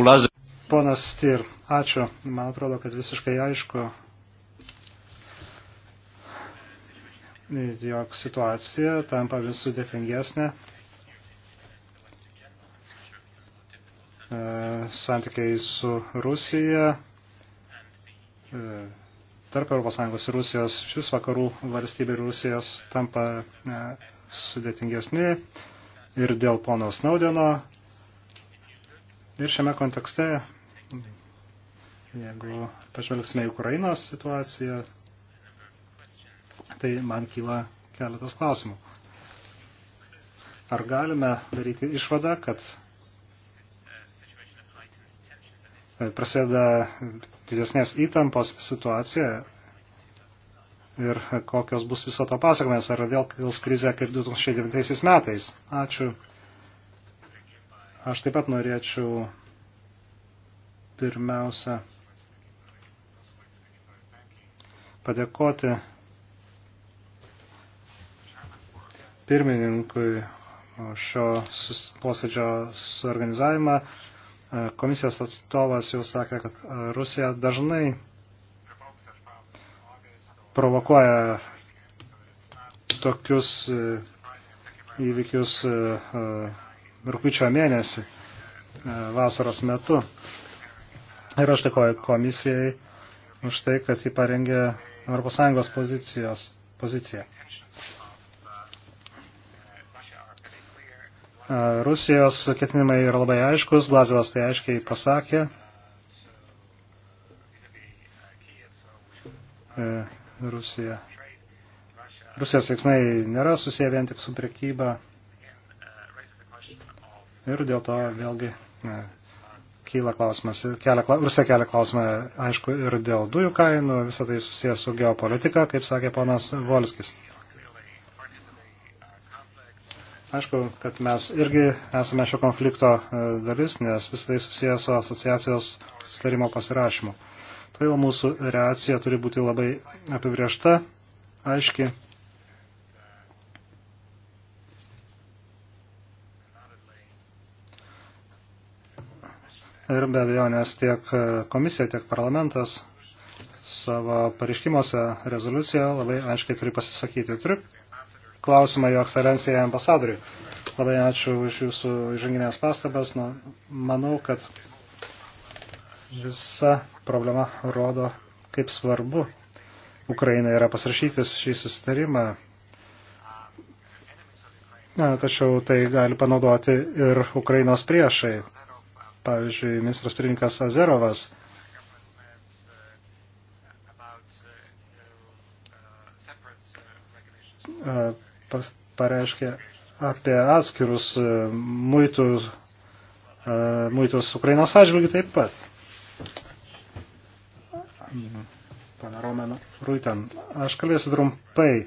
ulaze... Ponas Stir, ačiū. Man atrodo, kad visiškai aišku, jog situacija tampa vis sudėtingesnė. E, santykiai su Rusija, e, tarp ES ir Rusijos, šis vakarų valstybė ir Rusijos tampa e, sudėtingesni ir dėl pono Snaudeno. Ir šiame kontekste, jeigu pažvelgsime į Ukrainos situaciją, tai man kyla keletas klausimų. Ar galime daryti išvadą, kad prasideda didesnės įtampos situacija ir kokios bus viso to pasakomės, ar vėl kils krizė kaip 2009 metais. Ačiū. Aš taip pat norėčiau pirmiausia padėkoti pirmininkui šio posėdžio suorganizavimą. Komisijos atstovas jau sakė, kad Rusija dažnai provokuoja tokius e, įvykius e, rūpiučio mėnesį e, vasaros metu. Ir aš dėkoju komisijai už tai, kad jį parengė ES pozicijos, poziciją. Rusijos ketinimai yra labai aiškus, Glazovas tai aiškiai pasakė. E, Rusija. Rusijos veiksmai nėra susiję vien tik su prekyba. Ir dėl to vėlgi ne, kyla klausimas, kelia, Rusija kelia klausimą, aišku, ir dėl dujų kainų, visą tai susijęs su geopolitika, kaip sakė ponas Volskis. Aišku, kad mes irgi esame šio konflikto e, dalis, nes visą tai susijęs su asociacijos sustarimo pasirašymu. Todėl tai mūsų reakcija turi būti labai apibriešta, aiški. Ir be abejonės tiek e, komisija, tiek parlamentas savo pareiškimuose rezoliuciją labai aiškiai turi pasisakyti. Turiu klausimą jo ekscelencijai ambasadoriui. Labai ačiū už jūsų žanginės pastabas. Nu, manau, kad visa problema rodo, kaip svarbu Ukraina yra pasirašytis šį susitarimą. Na, tačiau tai gali panaudoti ir Ukrainos priešai. Pavyzdžiui, ministras pirmininkas Azerovas pareiškė apie atskirus e, muitus, e, muitus Ukrainos atžvilgių taip pat. Pana Romena Ruiten, aš kalbėsiu trumpai. E,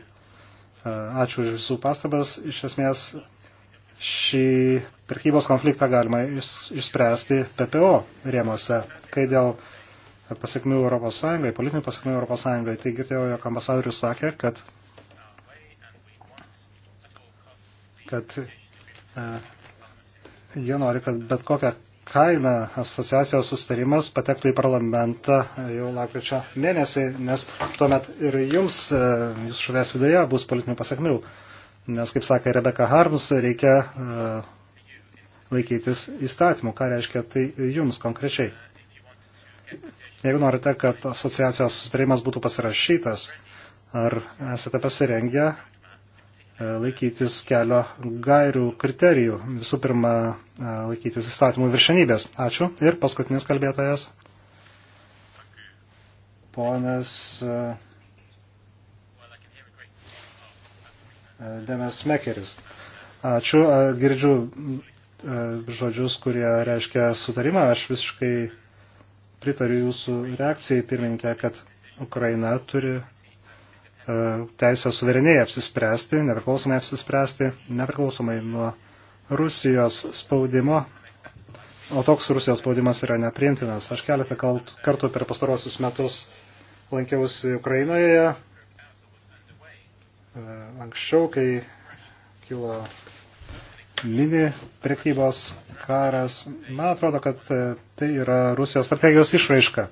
ačiū už visų pastabas. Iš esmės šį prekybos konfliktą galima išspręsti PPO rėmose. Kai dėl pasiekmių Europos Sąjungai, politinių pasiekmių Europos Sąjungai, tai girdėjau, jog ambasadorius sakė, kad kad e, jie nori, kad bet kokią kainą asociacijos sustarimas patektų į parlamentą jau lakryčio mėnesį, nes tuomet ir jums, e, jūsų šalies viduje, bus politinių pasakmių. Nes, kaip sakė Rebecca Harms, reikia e, laikytis įstatymų. Ką reiškia tai jums konkrečiai? Jeigu norite, kad asociacijos sustarimas būtų pasirašytas, ar esate pasirengę E, laikytis kelio gairių kriterijų. Visų pirma, e, laikytis įstatymų viršenybės. Ačiū. Ir paskutinis kalbėtojas. Ponas e, Demes Mekeris. Ačiū. Girdžiu žodžius, kurie reiškia sutarimą. Aš visiškai pritariu jūsų reakcijai, pirmininkė, kad Ukraina turi E, teisę suvereniai apsispręsti, nepriklausomai apsispręsti, nepriklausomai nuo Rusijos spaudimo, o toks Rusijos spaudimas yra nepriimtinas. Aš keletą kartų per pastarosius metus lankiausi Ukrainoje, e, anksčiau, kai kilo mini prekybos karas, man atrodo, kad e, tai yra Rusijos strategijos išraiška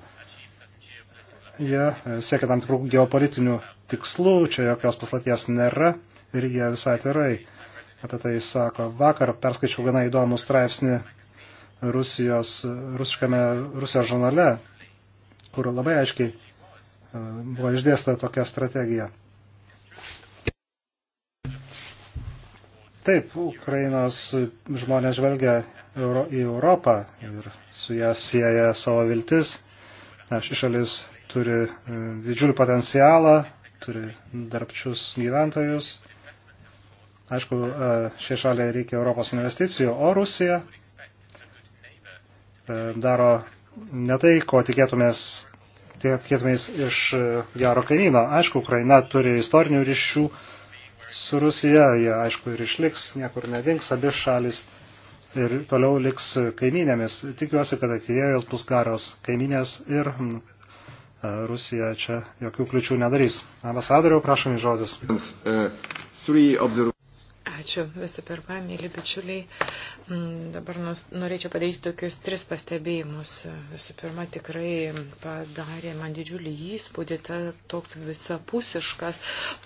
jie e, siekia tam tikrų geopolitinių tikslų, čia jokios paslaties nėra ir jie visai atvirai apie tai sako. Vakar perskaičiau gana įdomų straipsnį Rusijos, rusiškame Rusijos žurnale, kur labai aiškiai e, buvo išdėsta tokia strategija. Taip, Ukrainos žmonės žvelgia Euro, į Europą ir su ją sieja savo viltis. Aš iš šalis turi e, didžiulį potencialą, turi darbčius gyventojus. Aišku, e, šie šaliai reikia Europos investicijų, o Rusija e, daro ne tai, ko tikėtumės, tikėtumės iš gero kaimyno. Aišku, Ukraina turi istorinių ryšių su Rusija, jie aišku ir išliks, niekur nedings, abi šalis ir toliau liks kaiminėmis. Tikiuosi, kad ateityje jos bus garios kaiminės ir Rusija čia jokių kliučių nedarys. Ambasadoriau, prašom į žodis. Ačiū visų pirma, mėly bičiuliai. Mm, dabar norėčiau padaryti tokius tris pastebėjimus. Visų pirma, tikrai padarė man didžiulį įspūdį ta, toks visapusiškas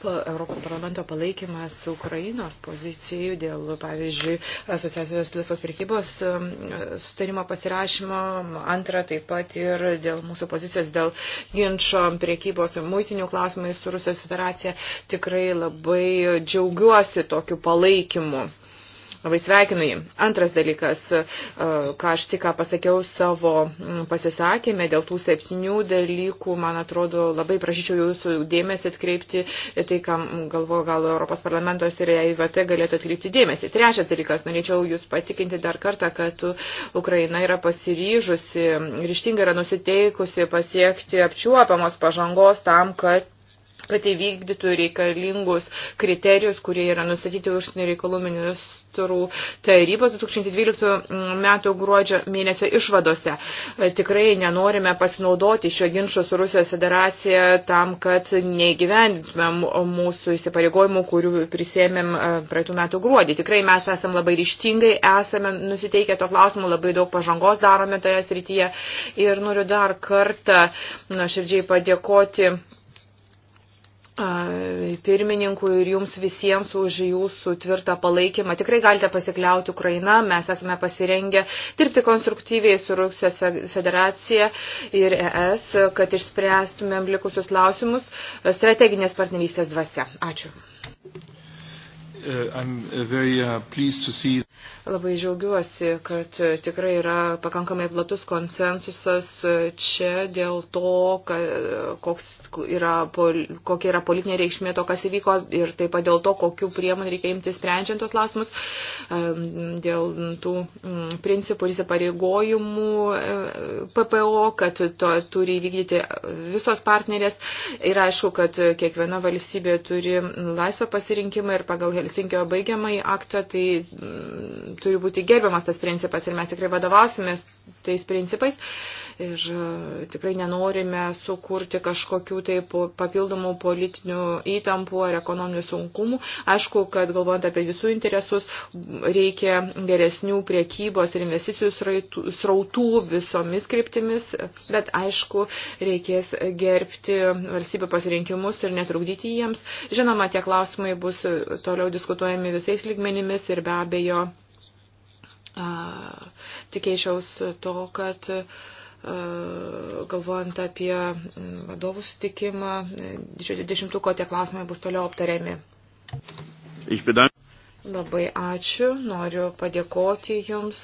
Europos parlamento palaikymas Ukrainos pozicijų dėl, pavyzdžiui, asociacijos laisvos prekybos mm, sutarimo pasirašymo. Antra, taip pat ir dėl mūsų pozicijos dėl ginčio prekybos ir muitinių klausimais su Rusijos federacija. Tikrai labai džiaugiuosi tokiu palaikymu palaikymu. Labai sveikinu jį. Antras dalykas, e, ką aš tik pasakiau savo mm, pasisakymę, dėl tų septynių dalykų, man atrodo, labai prašyčiau jūsų dėmesį atkreipti, tai kam galvoju, gal Europos parlamentos ir EIVT galėtų atkreipti dėmesį. Trečias dalykas, norėčiau jūs patikinti dar kartą, kad Ukraina yra pasiryžusi, ryštingai yra nusiteikusi pasiekti apčiuopamos pažangos tam, kad kad įvykdytų reikalingus kriterijus, kurie yra nustatyti užsienio reikalų ministrų tarybos 2012 metų gruodžio mėnesio išvadose. Tikrai nenorime pasinaudoti šio ginčio su Rusijos federacija tam, kad neįgyvendintumėm mūsų įsipareigojimų, kurių prisėmėm e, praeitų metų gruodį. Tikrai mes esame labai ryštingai, esame nusiteikę to klausimu, labai daug pažangos darome toje srityje ir noriu dar kartą nuoširdžiai padėkoti pirmininkui ir jums visiems už jūsų tvirtą palaikymą. Tikrai galite pasikliauti Ukraina, mes esame pasirengę dirbti konstruktyviai su Rusijos federacija ir ES, kad išspręstumėm likusius klausimus strateginės partnerystės dvasia. Ačiū. Uh, uh, uh, Labai džiaugiuosi, kad tikrai yra pakankamai platus konsensusas čia dėl to, koks yra, kokia yra politinė reikšmė to, kas įvyko ir taip pat dėl to, kokiu priemonių reikia imti sprendžiant tos klausimus, um, dėl tų mm, principų ir įsipareigojimų PPO, kad to turi įvykdyti visos partnerės ir aišku, kad kiekviena valstybė turi laisvą pasirinkimą ir pagal Helsinkį Helsinkio baigiamai akto, tai m, mm, turi būti gerbiamas tas principas ir mes tikrai vadovausimės tais principais. Uh, ir e, tikrai nenorime sukurti kažkokių tai papildomų politinių įtampų ar ekonominių sunkumų. Aišku, kad galvojant apie visų interesus, reikia geresnių priekybos ir investicijų srautų visomis kryptimis, bet aišku, reikės gerbti valstybių pasirinkimus ir netrukdyti jiems. Žinoma, tie klausimai bus toliau diskutuojami visais lygmenimis ir be abejo tikėčiaus to, kad uh, E, galvojant apie vadovų sutikimą, didžiojo dešimtuko tie klausimai bus toliau aptariami. Labai ačiū, noriu padėkoti Jums,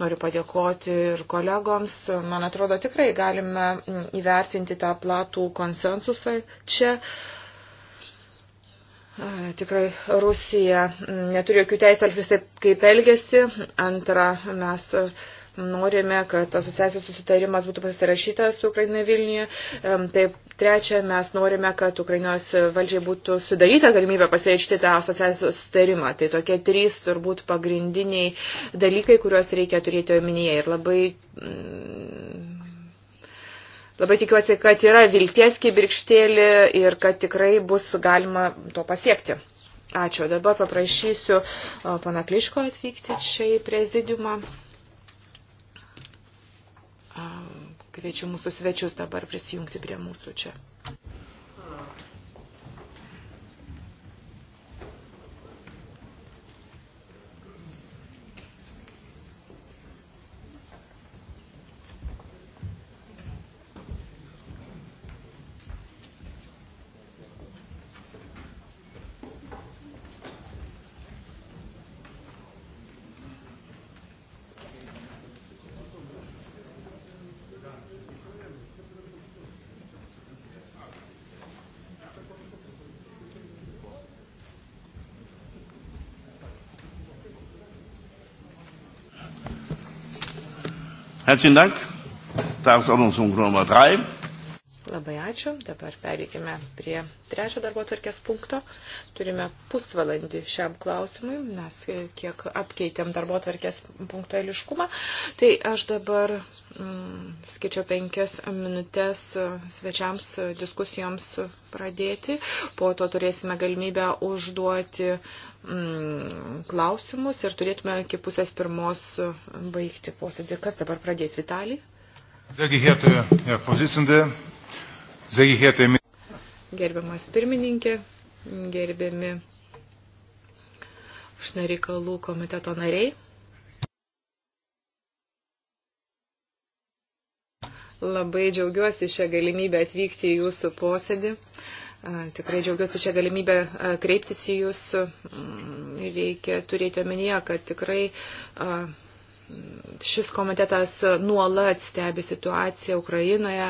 noriu padėkoti ir kolegoms. Man atrodo, tikrai galime įvertinti tą platų konsensusą čia. E, tikrai Rusija neturi jokių teisų elgtis taip, kaip elgesi. Antra, mes Norime, kad asociacijos susitarimas būtų pasirašytas su Ukraina Vilniuje. Taip, trečia, mes norime, kad Ukrainos valdžiai būtų sudaryta galimybė pasirašyti tą asociacijos susitarimą. Tai tokie trys turbūt pagrindiniai dalykai, kuriuos reikia turėti omenyje. Ir labai, mm, labai tikiuosi, kad yra vilties kibirkštėlį ir kad tikrai bus galima to pasiekti. Ačiū. Dabar paprašysiu pana Kliško atvykti čia į prezidiumą. Kviečiu mūsų svečius dabar prisijungti prie mūsų čia. Herzlichen Dank. Tagesordnungspunkt Nummer drei. Labai ačiū. Dabar pereikime prie trečio darbo tvarkės punkto. Turime pusvalandį šiam klausimui, nes e, kiek apkeitėm darbo tvarkės punkto eiliškumą. Tai aš dabar mm, skaičiau penkias minutės e, svečiams e, diskusijoms pradėti. Po to turėsime galimybę užduoti mm, klausimus ir turėtume iki pusės pirmos baigti posėdį. Kas dabar pradės, Vitalij? Sehr geehrter Herr Vorsitzender, Gerbiamas pirmininkė, gerbiami užsienio reikalų komiteto nariai. Labai džiaugiuosi šią galimybę atvykti į jūsų posėdį. Tikrai džiaugiuosi šią galimybę kreiptis į jūs. Mm, reikia turėti omenyje, kad tikrai šis komitetas nuolat stebi situaciją Ukrainoje,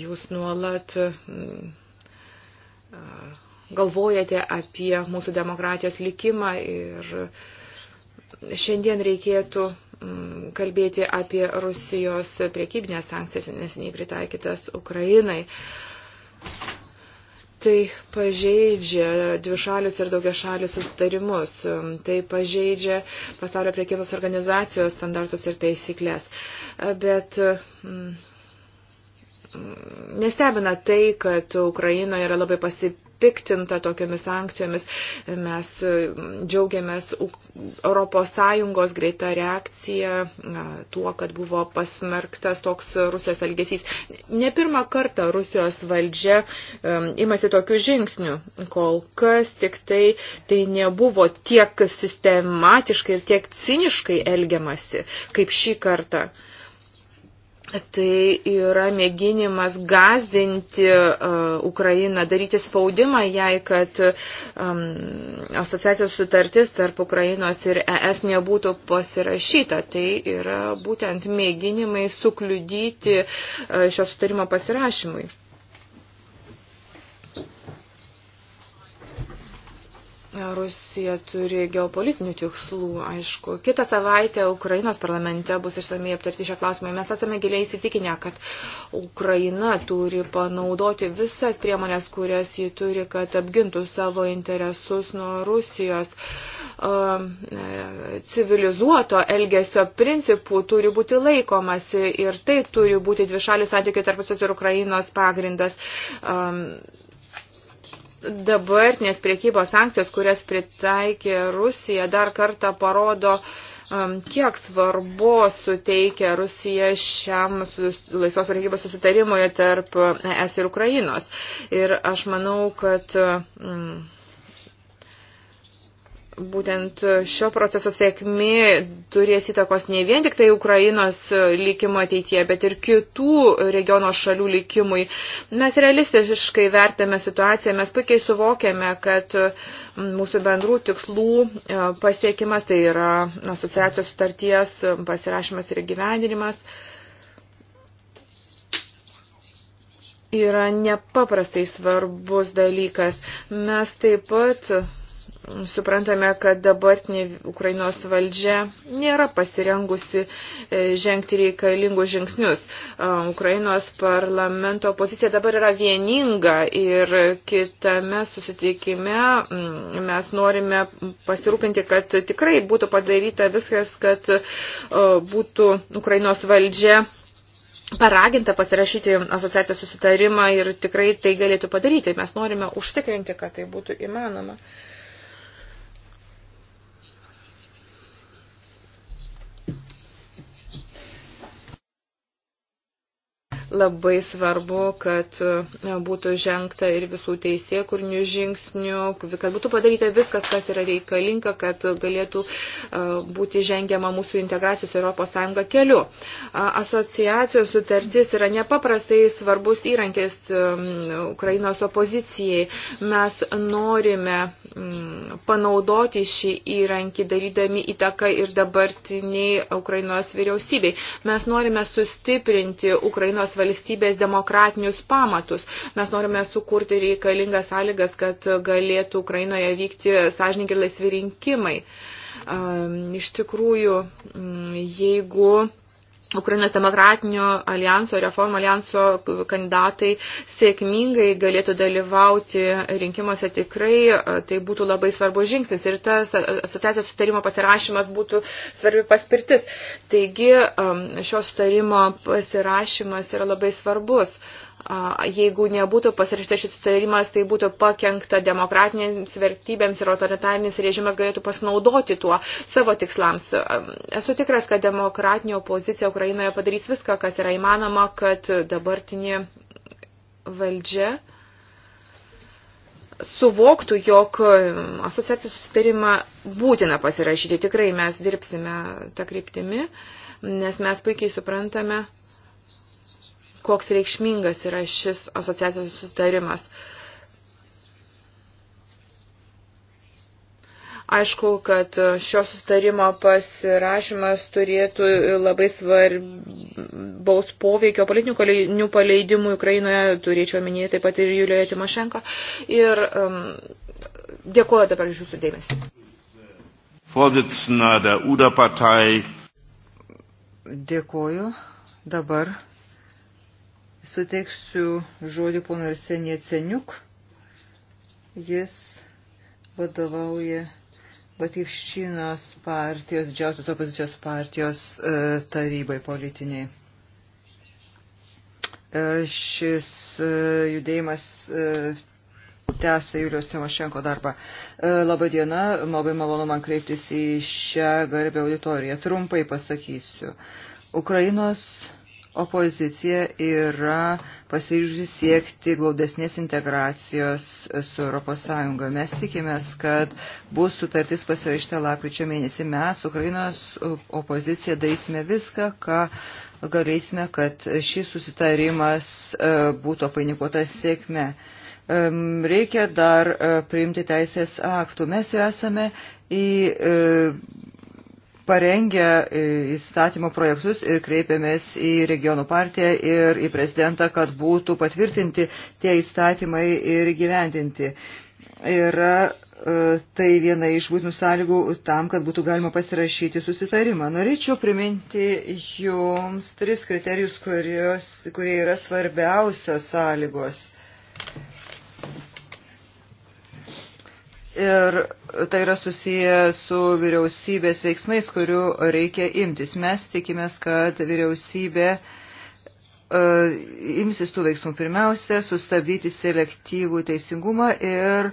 jūs nuolat galvojate apie mūsų demokratijos likimą ir šiandien reikėtų kalbėti apie Rusijos priekybinės sankcijas, nes neįpritaikytas Ukrainai tai pažeidžia dvišalius ir daugiašalius sustarimus, tai pažeidžia pasaulio priekybos organizacijos standartus ir taisyklės. Bet mm, mm, nestebina tai, kad Ukrainoje yra labai pasipirkti pasipiktinta tokiamis sankcijomis. Mes e, džiaugiamės ES greita reakcija tuo, kad buvo pasmerktas toks Rusijos elgesys. Ne pirmą kartą Rusijos valdžia e, imasi tokių žingsnių. Kol kas tik tai, tai nebuvo tiek sistematiškai ir tiek ciniškai elgiamasi kaip šį kartą. Tai yra mėginimas gazdinti uh, Ukrainą, daryti spaudimą jai, kad um, asociacijos sutartis tarp Ukrainos ir ES nebūtų pasirašyta. Tai yra būtent mėginimai sukliudyti uh, šio sutarimo pasirašymui. Rusija turi geopolitinių tikslų, aišku. Kitą savaitę Ukrainos parlamente bus išsamei aptarti šią klausimą. Mes esame giliai įsitikinę, kad Ukraina turi panaudoti visas priemonės, kurias ji turi, kad apgintų savo interesus nuo Rusijos. Civilizuoto elgesio principų turi būti laikomasi ir tai turi būti dvišalių santykių tarpusios ir Ukrainos pagrindas dabartinės priekybos sankcijos, kurias pritaikė Rusija, dar kartą parodo, um, kiek svarbos suteikia Rusija šiam laisvos prekybos susitarimui tarp ES ir Ukrainos. Ir aš manau, kad. Mm, būtent šio proceso sėkmė turės įtakos ne vien tik tai Ukrainos likimo ateityje, bet ir kitų regiono šalių likimui. Mes realistiškai vertame situaciją, mes puikiai suvokiame, kad mm, mūsų bendrų tikslų e, pasiekimas tai yra asociacijos sutarties pasirašymas ir gyvendinimas. Yra nepaprastai svarbus dalykas. Mes taip pat Suprantame, kad dabartinė Ukrainos valdžia nėra pasirengusi e, žengti reikalingus žingsnius. E, Ukrainos parlamento pozicija dabar yra vieninga ir kitame susitikime mm, mes norime pasirūpinti, kad tikrai būtų padaryta viskas, kad e, būtų Ukrainos valdžia paraginta pasirašyti asociacijos susitarimą ir tikrai tai galėtų padaryti. Mes norime užtikrinti, kad tai būtų įmanoma. Labai svarbu, kad e, būtų žengta ir visų teisėkurnių žingsnių, kad būtų padaryta viskas, kas yra reikalinga, kad galėtų e, būti žengiama mūsų integracijos Europos Sąjunga keliu. Asociacijos sutartis yra nepaprastai svarbus įrankis Ukrainos opozicijai. Mes norime panaudoti šį įrankį, darydami įtaką ir dabartiniai Ukrainos vyriausybei. Mes norime sustiprinti Ukrainos valstybės demokratinius pamatus. Mes norime sukurti reikalingas sąlygas, kad galėtų Ukrainoje vykti sąžininkai ir laisvi rinkimai. Iš tikrųjų, jeigu Ukrainos demokratinio alijanso, reformų alijanso kandidatai sėkmingai galėtų dalyvauti rinkimuose tikrai, e, tai būtų labai svarbus žingsnis ir tas asociacijos sutarimo pasirašymas būtų svarbi paspirtis. Taigi šio sutarimo pasirašymas yra labai svarbus. Uh, jeigu nebūtų pasirašytas šis sutarimas, tai būtų pakengta demokratinėms vertybėms ir autoritarinis režimas galėtų pasinaudoti tuo savo tikslams. Esu tikras, kad demokratinė opozicija Ukrainoje padarys viską, kas yra įmanoma, kad dabartinė valdžia suvoktų, jog asociacijos sutarimą būtina pasirašyti. Tikrai mes dirbsime tą kryptimį, nes mes puikiai suprantame, uh, koks reikšmingas yra šis asociacijos sutarimas. Aišku, kad šio sustarimo pasirašymas turėtų labai svarbaus poveikio politinių kalinių paleidimų Ukrainoje, turėčiau minėti taip pat ir Julijoje Timošenko. Ir um, dėkuoju dabar iš jūsų dėmesį. Dėkuoju. Dabar Suteiksiu žodį pono Arsenija Ceniuk. Jis vadovauja Batikščinos partijos, didžiausios opozicijos partijos e, tarybai politiniai. E, šis e, judėjimas tęsia Julius Timošenko darbą. Labai diena, labai malonu man kreiptis į šią garbę auditoriją. Trumpai pasakysiu. Ukrainos opozicija yra pasiryžusi siekti glaudesnės integracijos su ES. Mes tikimės, kad bus sutartis pasirašyta lapkričio mėnesį. Mes, Ukrainos opozicija, darysime viską, ką galėsime, kad šis susitarimas e, būtų painikuotas sėkme. Reikia dar e, priimti teisės aktų. Mes jau esame į e, parengę e, įstatymų projektus ir kreipėmės į regionų partiją ir į prezidentą, kad būtų patvirtinti tie įstatymai ir gyvendinti. Yra e, tai viena iš būtinų sąlygų tam, kad būtų galima pasirašyti susitarimą. Norėčiau priminti jums tris kriterijus, kurios, kurie yra svarbiausios sąlygos Ir tai yra susiję su vyriausybės veiksmais, kurių reikia imtis. Mes tikimės, kad vyriausybė uh, imsis tų veiksmų pirmiausia, sustabdyti selektyvų teisingumą ir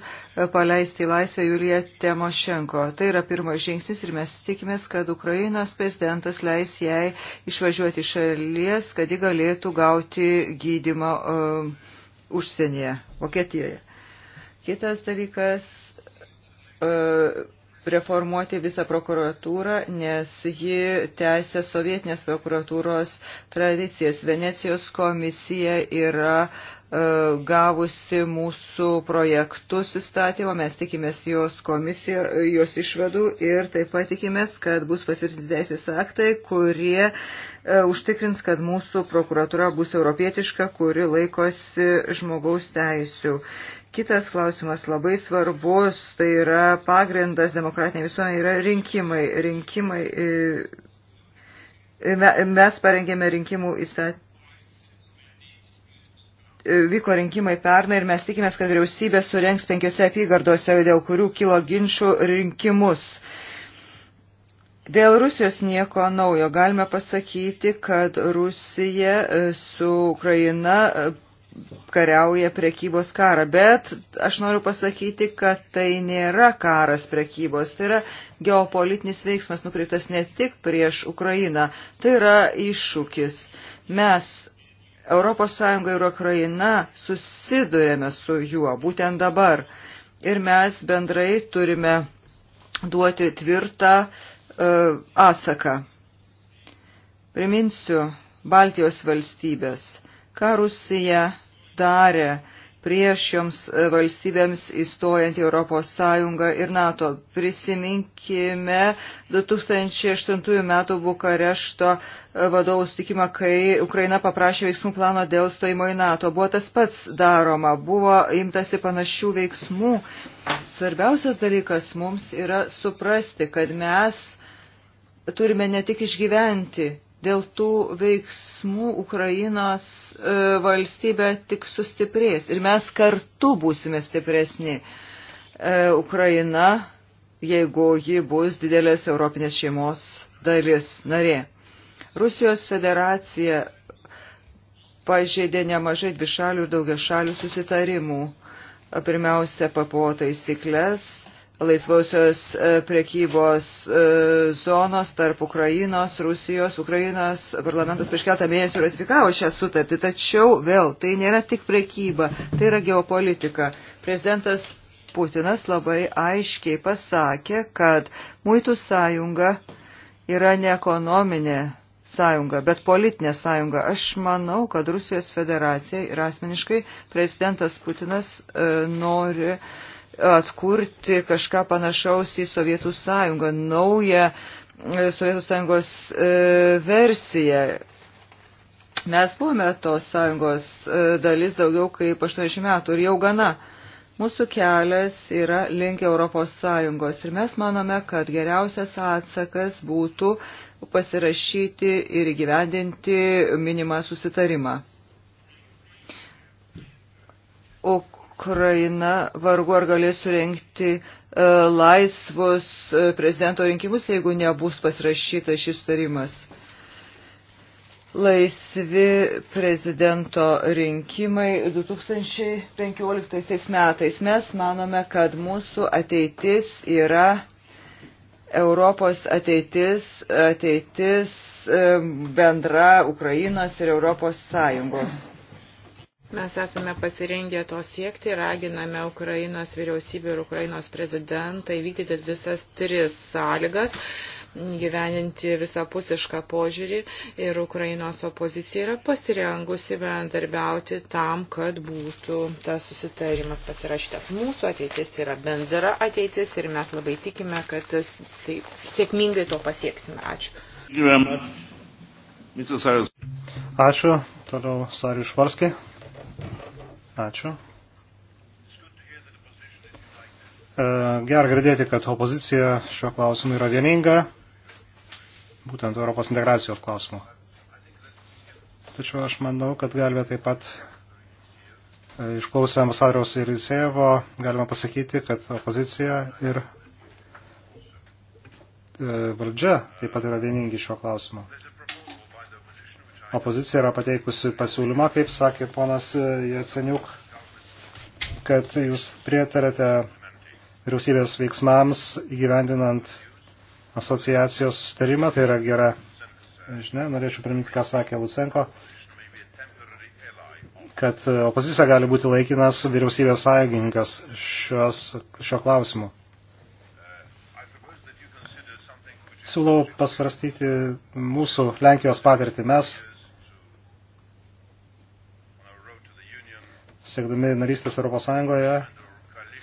paleisti į laisvę Juliją Temošenko. Tai yra pirmas žingsnis ir mes tikimės, kad Ukrainos prezidentas leis jai išvažiuoti šalies, kad ji galėtų gauti gydimą uh, e, užsienyje, Vokietijoje. Kitas dalykas E, reformuoti visą prokuratūrą, nes ji tęsia sovietinės prokuratūros tradicijas. Venecijos komisija yra e, gavusi mūsų projektus įstatymą, mes tikimės jos komisiją, jos išvedų ir taip pat tikimės, kad bus patvirtinti teisės aktai, kurie e, užtikrins, kad mūsų prokuratura bus europietiška, kuri laikosi žmogaus teisių. Kitas klausimas labai svarbus, tai yra pagrindas demokratinė visuomenė, yra rinkimai. rinkimai e, mes parengėme rinkimų įstatymą. E, vyko rinkimai pernai ir mes tikimės, kad vyriausybė surenks penkiose apygardose, dėl kurių kilo ginčių rinkimus. Dėl Rusijos nieko naujo. Galime pasakyti, kad Rusija e, su Ukraina kariauja prekybos karą, bet aš noriu pasakyti, kad tai nėra karas prekybos, tai yra geopolitinis veiksmas nukreiptas ne tik prieš Ukrainą, tai yra iššūkis. Mes ES ir Ukraina susidurėme su juo būtent dabar ir mes bendrai turime duoti tvirtą uh, atsaką. Priminsiu Baltijos valstybės, ką Rusija darė prieš joms e, valstybėms įstojant į Europos Sąjungą ir NATO. Prisiminkime 2008 m. Bukarešto e, vadovų sutikimą, kai Ukraina paprašė veiksmų plano dėl stojimo į NATO. Buvo tas pats daroma, buvo imtasi panašių veiksmų. Svarbiausias dalykas mums yra suprasti, kad mes turime ne tik išgyventi dėl tų veiksmų Ukrainos e, valstybė tik sustiprės ir mes kartu būsime stipresni. E, Ukraina, jeigu ji bus didelės Europinės šeimos dalis narė. Rusijos federacija pažeidė nemažai dvišalių ir daugiašalių susitarimų. Pirmiausia, papuo taisyklės laisvosios e, prekybos e, zonos tarp Ukrainos, Rusijos, Ukrainos parlamentas prieš keltą mėnesių ratifikavo šią sutartį, tačiau vėl tai nėra tik prekyba, tai yra geopolitika. Prezidentas Putinas labai aiškiai pasakė, kad muitų sąjunga yra ne ekonominė sąjunga, bet politinė sąjunga. Aš manau, kad Rusijos federacija ir asmeniškai prezidentas Putinas e, nori e, atkurti kažką panašaus į Sovietų sąjungą, naują e, Sovietų sąjungos e, versiją. Mes buvome tos sąjungos e, dalis daugiau kaip 80 metų ir jau gana. Mūsų kelias yra link Europos Sąjungos ir mes manome, kad geriausias atsakas būtų pasirašyti ir gyvendinti minimą susitarimą. O Ukraina vargu ar galės surenkti e, laisvus e, prezidento rinkimus, jeigu nebus pasirašyta šis sutarimas. Laisvi prezidento rinkimai 2015 metais. Mes manome, kad mūsų ateitis yra Europos ateitis, ateitis e, bendra Ukrainos ir Europos Sąjungos. Mhm. Mes esame pasirengę to siekti ir raginame Ukrainos vyriausybę ir Ukrainos prezidentą įvykdyti visas tris sąlygas gyveninti visapusišką požiūrį ir Ukrainos opozicija yra pasirengusi bendarbiauti tam, kad būtų tas susitarimas pasirašytas. Mūsų ateitis yra bendra ateitis ir mes labai tikime, kad tai, sėkmingai to pasieksime. Ačiū. Ačiū. Toliau Sariu Švarskiai. Ačiū. E, gera girdėti, kad opozicija šiuo klausimu yra vieninga, būtent Europos integracijos klausimu. Tačiau aš manau, kad galime taip pat e, išklausę ambasadoriaus ir Isejevo, galima pasakyti, kad opozicija ir e, valdžia taip pat yra vieningi šiuo klausimu. Opozicija yra pateikusi pasiūlymą, kaip sakė ponas e, Jaceniuk, kad jūs prietarėte vyriausybės veiksmams įgyvendinant asociacijos sustarimą, tai yra gera žinia, norėčiau priminti, ką sakė Lucenko, kad opozicija gali būti laikinas vyriausybės sąjungininkas šios, šio klausimu. Siūlau pasvarstyti mūsų Lenkijos patirtį. Mes siekdami narystės Europos Sąjungoje,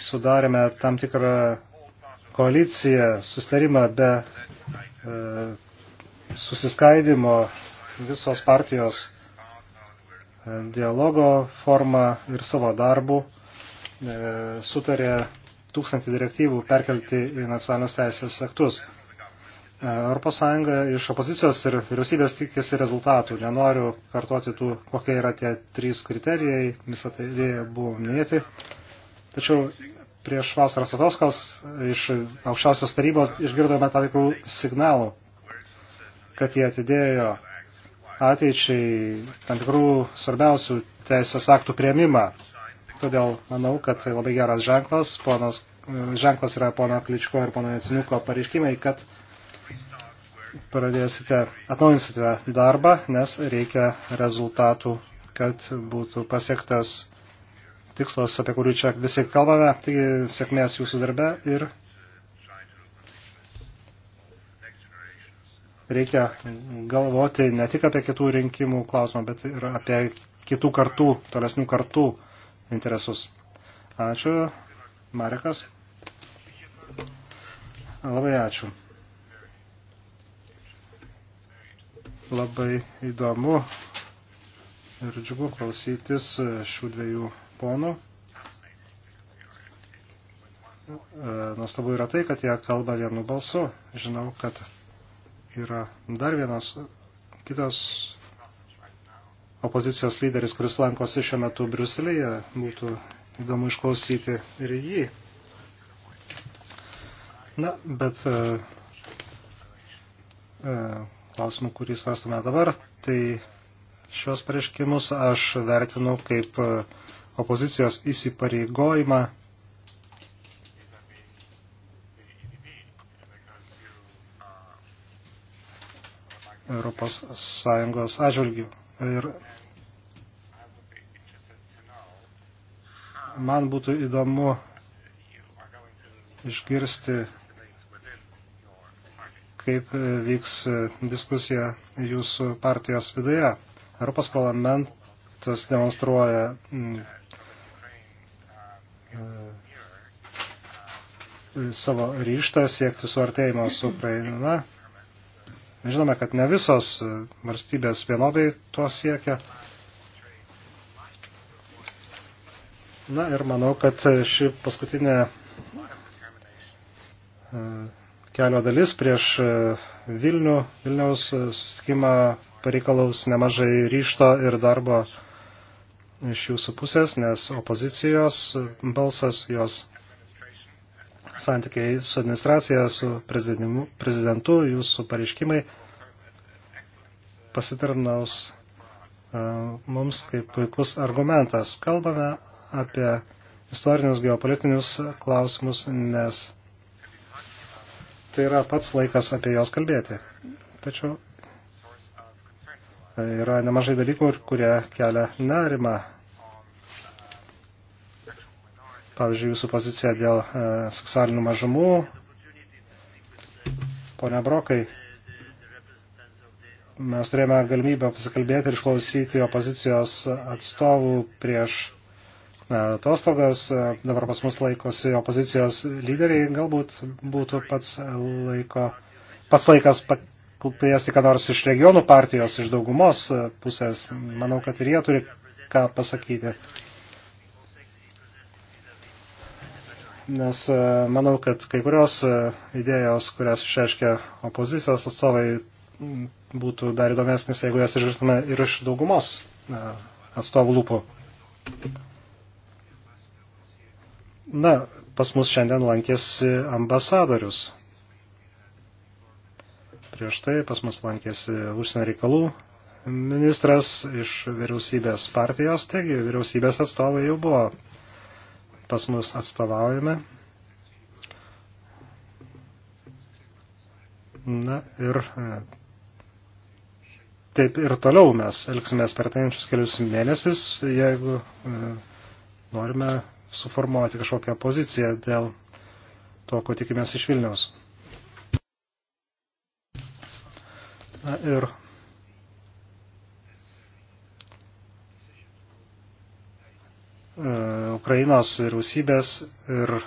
sudarėme tam tikrą koaliciją, sustarimą be e, susiskaidimo visos partijos e, dialogo forma ir savo darbų e, sutarė tūkstantį direktyvų perkelti į nacionalinės teisės aktus. ES iš opozicijos ir vyriausybės tikisi rezultatų. Nenoriu kartoti tų, kokie yra tie trys kriterijai, visą tai buvo minėti. Tačiau prieš vasaros atostkas iš aukščiausios tarybos išgirdome tam tikrų signalų, kad jie atidėjo ateičiai tam tikrų svarbiausių teisės aktų prieimimą. Todėl manau, kad tai labai geras ženklas. Ponas, ženklas yra pono Kličko ir pono Jaciniuko pareiškimai, kad pradėsite, atnaujinsite darbą, nes reikia rezultatų, kad būtų pasiektas tikslas, apie kurį čia visi kalbame. Taigi sėkmės jūsų darbe ir reikia galvoti ne tik apie kitų rinkimų klausimą, bet ir apie kitų kartų, tolesnių kartų interesus. Ačiū, Marekas. Labai ačiū. Labai įdomu ir džiugu klausytis šių dviejų ponų. E, nuostabu yra tai, kad jie kalba vienu balsu. Žinau, kad yra dar vienas kitas opozicijos lyderis, kuris lankosi šiuo metu Briuselėje. Būtų įdomu išklausyti ir jį. Na, bet uh, uh, klausimu, kurį svarstame dabar, tai šios pareiškimus aš vertinu kaip e, opozicijos įsipareigojimą Europos Sąjungos atžvilgių. Ir man būtų įdomu išgirsti kaip vyks diskusija jūsų partijos viduje. Europos parlamentas demonstruoja mm, e, savo ryštą siekti suartėjimo su Ukraina. Žinome, kad ne visos valstybės vienodai tuo siekia. Na ir manau, kad ši paskutinė e, kelio dalis prieš e, Vilnių, Vilniaus e, susitikimą pareikalaus nemažai ryšto ir darbo iš jūsų pusės, nes opozicijos balsas, jos santykiai su administracija, su prezidentu, jūsų pareiškimai pasitarnaus e, mums kaip puikus argumentas. Kalbame apie istorinius geopolitinius klausimus, nes tai yra pats laikas apie jos kalbėti. Tačiau e, yra nemažai dalykų, kurie kelia nerimą. Pavyzdžiui, jūsų pozicija dėl e, seksualinių mažumų. Pone Brokai, mes turėjome galimybę pasikalbėti ir išklausyti opozicijos atstovų prieš atostogas, e, dabar pas mus laikosi opozicijos lyderiai, galbūt būtų pats, laiko, pats laikas pakviesti, ką nors iš regionų partijos, iš daugumos e, pusės. Manau, kad ir jie turi ką pasakyti. Nes e, manau, kad kai kurios idėjos, kurias išreiškia opozicijos atstovai, būtų dar įdomesnis, jeigu jas išgirtume ir iš daugumos atstovų lūpų. Na, pas mus šiandien lankėsi ambasadorius. Prieš tai pas mus lankėsi užsienio reikalų ministras iš vyriausybės partijos, taigi vyriausybės atstovai jau buvo pas mus atstovaujame. Na ir e, taip ir toliau mes elgsimės per tenčius kelius mėnesius, jeigu e, norime suformuoti kažkokią poziciją dėl to, ko tikimės iš Vilniaus. Na ir e, Ukrainos vyriausybės ir e,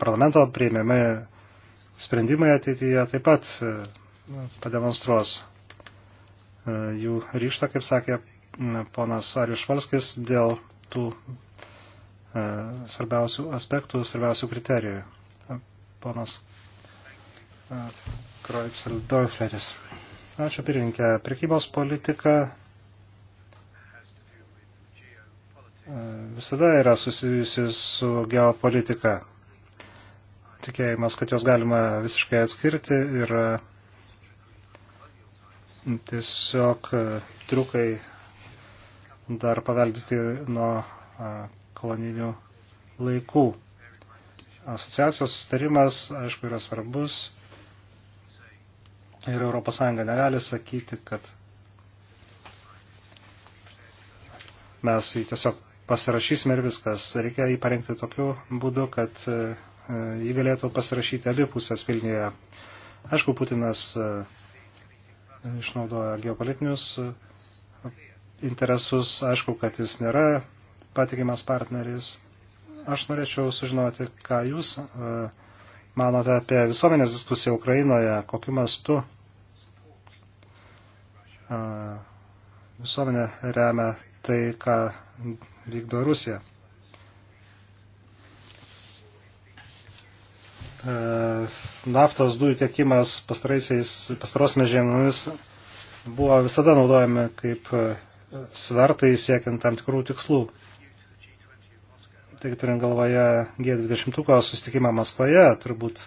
parlamento priėmėme sprendimai ateityje taip pat e, pademonstruos jų ryštą, kaip sakė ponas Arius Švalskis, dėl tų E, svarbiausių aspektų, svarbiausių kriterijų. Ponas e, Kroicel Doifleris. Ačiū pirinkė. Prekybos politika e, visada yra susijusi su geopolitika. Tikėjimas, kad jos galima visiškai atskirti ir tiesiog triukai dar paveldyti nuo koloninių laikų. Asociacijos sustarimas, aišku, yra svarbus ir ES negali sakyti, kad mes jį tiesiog pasirašysime ir viskas. Reikia jį parengti tokiu būdu, kad e, jį galėtų pasirašyti abi pusės Vilniuje. Aišku, Putinas e, išnaudoja geopolitinius e, interesus, aišku, kad jis nėra patikimas partneris. Aš norėčiau sužinoti, ką Jūs e, manote apie visuomenės diskusiją Ukrainoje, kokiu mastu e, visuomenė remia tai, ką vykdo Rusija. E, naftos dujų tiekimas pastarosiamis žiemomis buvo visada naudojami kaip svertai siekiant tam tikrų tikslų. Taigi turint galvoje G20 susitikimą Maskvoje, turbūt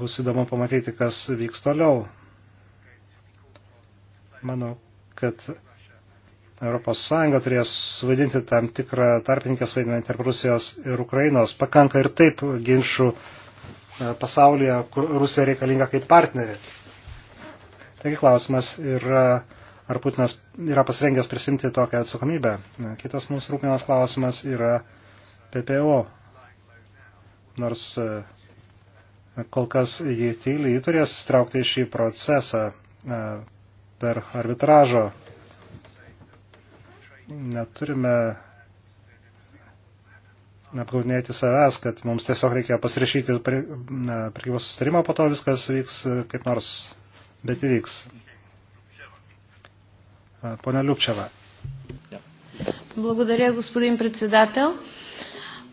bus įdomu pamatyti, kas vyks toliau. Manau, kad ES turės suvaidinti tam tikrą tarpininkės vaidmenį tarp Rusijos ir Ukrainos. Pakanka ir taip ginčių e, pasaulyje, kur Rusija reikalinga kaip partnerė. Taigi klausimas yra ar Putinas yra pasirengęs prisimti tokią atsakomybę. Kitas mums rūpimas klausimas yra PPO. Nors e, kol kas jį tyliai turės straukti į šį procesą per arbitražo. Neturime apgaudinėti savęs, kad mums tiesiog reikia pasirašyti prekybos sustarimą, po to viskas vyks kaip nors, bet įvyks. Pone Любчева. Благодаря, господин председател.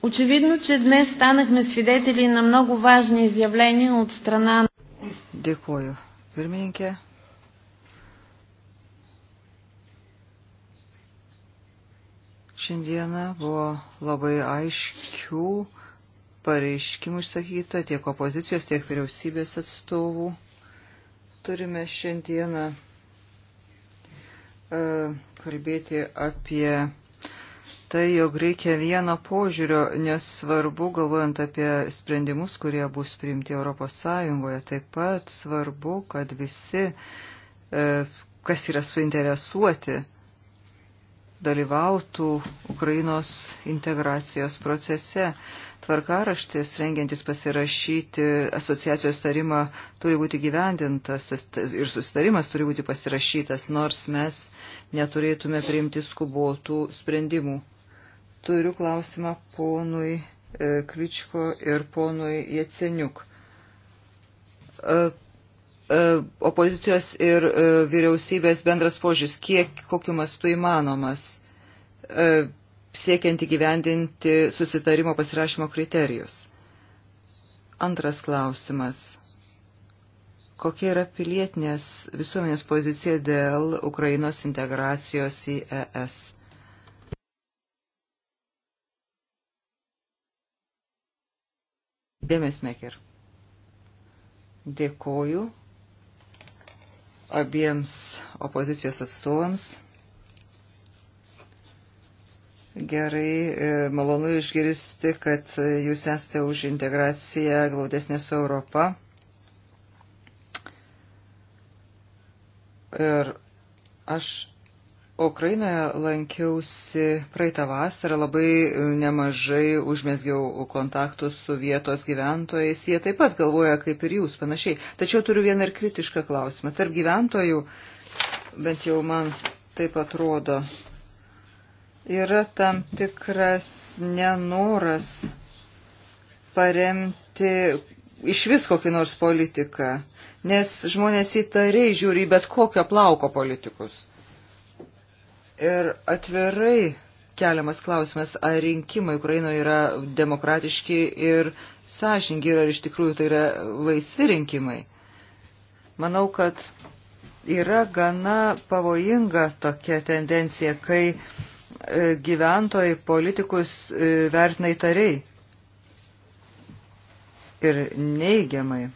Очевидно, че днес станахме свидетели на много важни изявления от страна на... Дякую. Pirmininkė. Šiandieną buvo labai aiškių pareiškimų išsakyta tiek opozicijos, tiek vyriausybės atstovų. Turime šiandieną E, kalbėti apie tai, jog reikia vieno požiūrio, nesvarbu, galvojant apie sprendimus, kurie bus priimti Europos Sąjungoje, taip pat svarbu, kad visi, e, kas yra suinteresuoti, dalyvautų Ukrainos integracijos procese tvarkaraštis, rengiantis pasirašyti asociacijos tarimą, turi būti gyvendintas ir susitarimas turi būti pasirašytas, nors mes neturėtume priimti skubotų sprendimų. Turiu klausimą ponui e, Kličko ir ponui Jeceniuk. E, e, opozicijos ir vyriausybės bendras požiūris, kiek kokiu mastu įmanomas siekiant įgyvendinti susitarimo pasirašymo kriterijus. Antras klausimas. Kokia yra pilietinės visuomenės pozicija dėl Ukrainos integracijos į ES? Dėmesmeker. Dėkoju abiems opozicijos atstovams. Gerai, e, malonu išgirsti, kad jūs esate už integraciją glaudesnė su Europa. Ir aš Ukrainoje lankiausi praeitą vasarą, labai nemažai užmėsgiau kontaktus su vietos gyventojais. Jie taip pat galvoja kaip ir jūs, panašiai. Tačiau turiu vieną ir kritišką klausimą. Tarp gyventojų, bent jau man taip atrodo, yra tam tikras nenoras paremti iš vis kokį nors politiką, nes žmonės įtariai žiūri į bet kokio plauko politikus. Ir atvirai keliamas klausimas, ar rinkimai Ukrainoje yra demokratiški ir sąžininkai, ir ar iš tikrųjų tai yra laisvi rinkimai. Manau, kad yra gana pavojinga tokia tendencija, kai E, gyventojai politikus e, vertina įtariai ir neigiamai.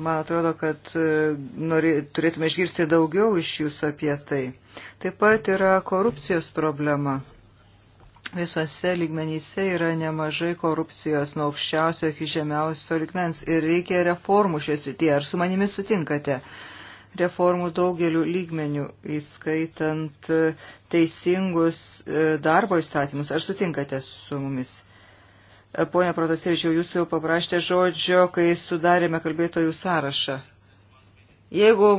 Man atrodo, kad e, nori, turėtume išgirsti daugiau iš jūsų apie tai. Taip pat yra korupcijos problema. Visuose lygmenyse yra nemažai korupcijos nuo aukščiausio iki žemiausio lygmens ir reikia reformų šios rytyje. Ar su manimi sutinkate? Uh, reformų daugeliu lygmenių, įskaitant e, teisingus e, darbo įstatymus. Ar sutinkate su mumis? E, Pone Protasievičiau, jūs jau paprašėte žodžio, kai sudarėme kalbėtojų sąrašą. Jeigu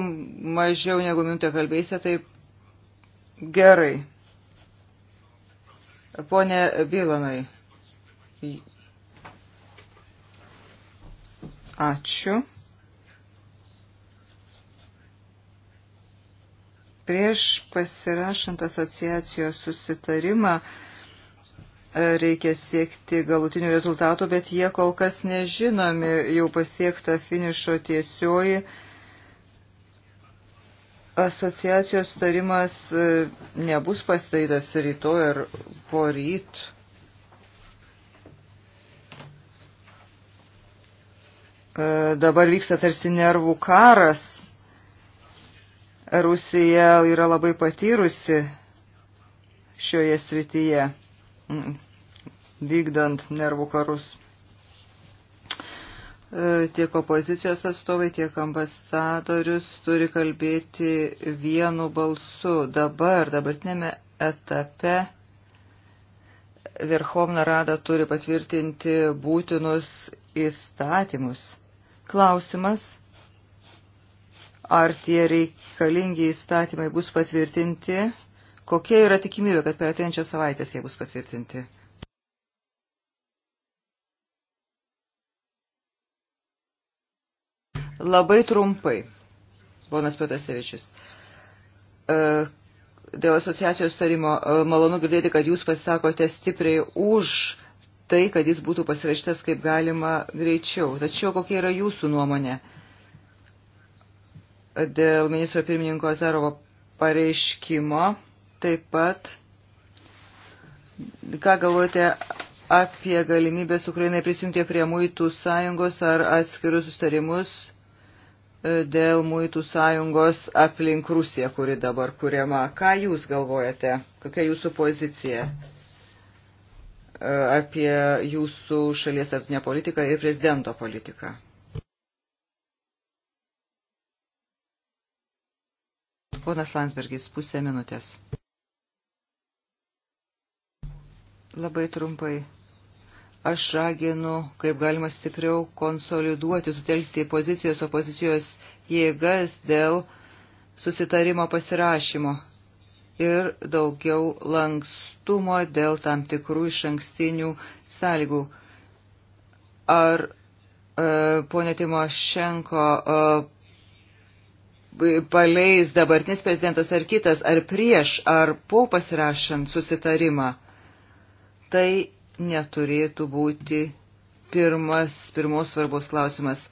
mažiau negu minutę kalbėsite, tai gerai. Pone Bilanai. Ačiū. Prieš pasirašant asociacijos susitarimą e, reikia siekti galutinių rezultatų, bet jie kol kas nežinomi, jau pasiekta finišo tiesioji asociacijos tarimas e, nebus pastarytas rytoj ar po ryt. E, dabar vyksta tarsi nervų karas Rusija yra labai patyrusi šioje srityje, mm, vykdant nervų karus. E, tiek opozicijos atstovai, tiek ambasadorius turi kalbėti vienu balsu. Dabar, dabartinėme etape, Verhovna Rada turi patvirtinti būtinus įstatymus. Klausimas ar tie reikalingi įstatymai bus patvirtinti, kokia yra tikimybė, kad per ateinančią savaitę jie bus patvirtinti. Labai trumpai, ponas Petasevičius. E, dėl asociacijos tarimo e, malonu girdėti, kad jūs pasisakote stipriai už tai, kad jis būtų pasirašytas kaip galima greičiau. Tačiau kokia yra jūsų nuomonė? dėl ministro pirmininko Azarovo pareiškimo. Taip pat, ką galvojate apie galimybės Ukrainai prisijungti prie muitų sąjungos ar atskirus sustarimus e, dėl muitų sąjungos aplink Rusiją, kuri dabar kuriama. Ką jūs galvojate? Kokia jūsų pozicija e, apie jūsų šalies tarptinę politiką ir prezidento politiką? Ponas Landsbergis, pusę minutės. Labai trumpai. Aš raginu, kaip galima stipriau konsoliduoti, sutelkti pozicijos opozicijos jėgas dėl susitarimo pasirašymo ir daugiau lankstumo dėl tam tikrų iš ankstinių sąlygų. Ar e, ponė Timošenko e, paleis dabartinis prezidentas ar kitas, ar prieš, ar po pasirašant susitarimą, tai neturėtų būti pirmas, pirmos svarbos klausimas.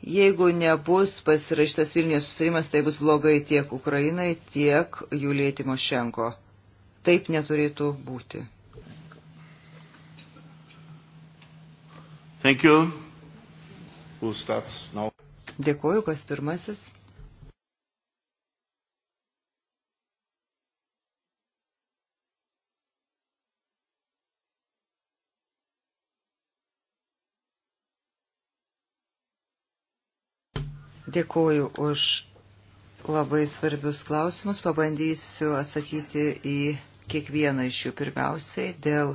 Jeigu nebus pasirašytas Vilnius susirimas, tai bus blogai tiek Ukrainai, tiek Julijai Timošenko. Taip neturėtų būti. Thank you. Who starts now? Dėkuoju, kas pirmasis. Dėkuoju už labai svarbius klausimus. Pabandysiu atsakyti į kiekvieną iš jų pirmiausiai dėl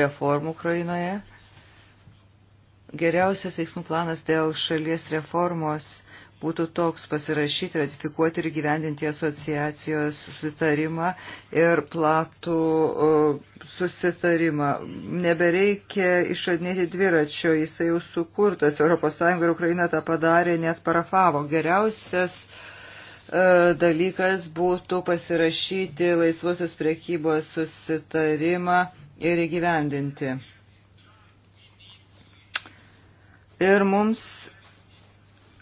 reformų Ukrainoje. Geriausias veiksmų planas dėl šalies reformos būtų toks pasirašyti, ratifikuoti ir gyvendinti asociacijos susitarimą ir platų susitarimą. Nebereikia išradinėti dviračio, jisai jau sukurtas. ES ir Ukraina tą padarė, net parafavo. Geriausias e, dalykas būtų pasirašyti laisvosios priekybos susitarimą ir įgyvendinti ir mums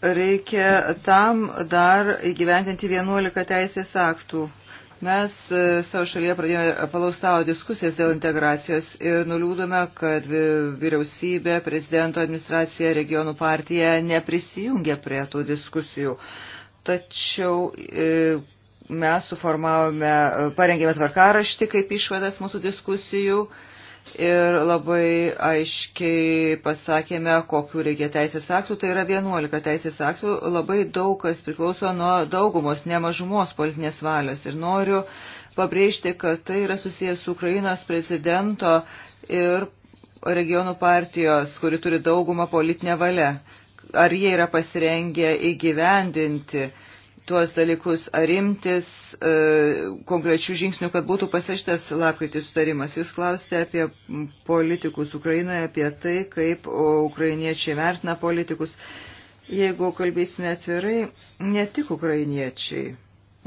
reikia tam dar įgyventinti 11 teisės aktų. Mes e, savo šalyje pradėjome palaus savo diskusijas dėl integracijos ir nuliūdome, kad vyriausybė, prezidento administracija, regionų partija neprisijungė prie tų diskusijų. Tačiau e, mes suformavome, parengėme tvarkaraštį kaip išvadas mūsų diskusijų ir labai aiškiai pasakėme, kokiu reikia teisės aktų. Tai yra 11 teisės aktų. Labai daug kas priklauso nuo daugumos, ne mažumos politinės valios. Ir noriu pabrėžti, kad tai yra susijęs su Ukrainos prezidento ir regionų partijos, kuri turi daugumą politinę valią. Ar jie yra pasirengę įgyvendinti uh, tuos dalykus, ar imtis e, konkrečių žingsnių, kad būtų pasirašytas lapkritį sustarimas. Jūs klausite apie politikus Ukrainoje, apie tai, kaip ukrainiečiai vertina politikus. Jeigu kalbėsime atvirai, ne tik ukrainiečiai,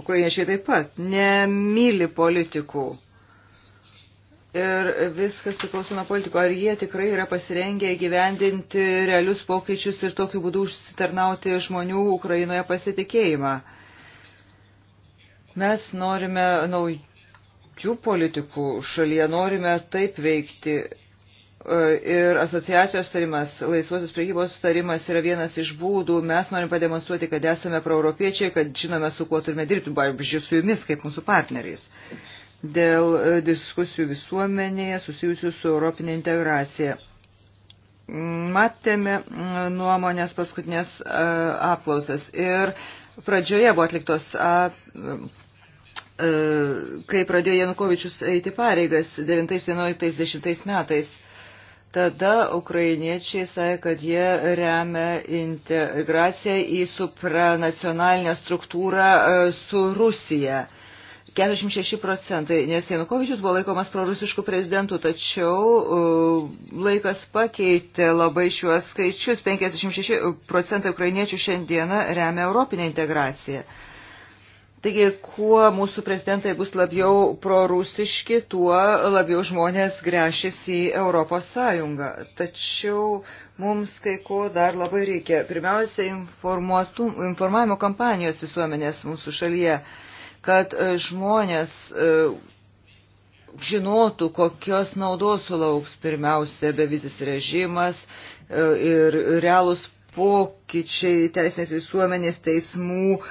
ukrainiečiai taip pat nemyli politikų ir viskas priklauso nuo politikų, ar jie tikrai yra pasirengę gyvendinti realius pokyčius ir tokiu būdu užsitarnauti žmonių Ukrainoje pasitikėjimą. Mes norime naujų politikų šalyje, norime taip veikti. Ir asociacijos tarimas, laisvosios priekybos tarimas yra vienas iš būdų. Mes norim pademonstruoti, kad esame proeuropiečiai, kad žinome, su kuo turime dirbti, pavyzdžiui, su jumis kaip mūsų partneriais. Uh, dėl e, diskusijų visuomenėje susijusių su Europinė integracija. Matėme mm, nuomonės paskutinės e, aplausas ir pradžioje buvo atliktos ap e, kai pradėjo Janukovičius eiti pareigas 9-11-10 metais. Tada ukrainiečiai sąja, kad jie remia integraciją į supranacionalinę struktūrą su Rusija. 46 procentai, nes Janukovičius buvo laikomas prorusiškų prezidentų, tačiau uh, laikas pakeitė labai šiuos skaičius. 56 procentai ukrainiečių šiandieną remia Europinę integraciją. Taigi, kuo mūsų prezidentai bus labiau prorusiški, tuo labiau žmonės grešis į Europos Sąjungą. Tačiau mums kai ko dar labai reikia. Pirmiausia, informavimo kampanijos visuomenės mūsų šalyje kad e, žmonės e, žinotų, kokios naudos sulauks pirmiausia bevizis režimas e, ir realūs pokyčiai teisinės visuomenės teismų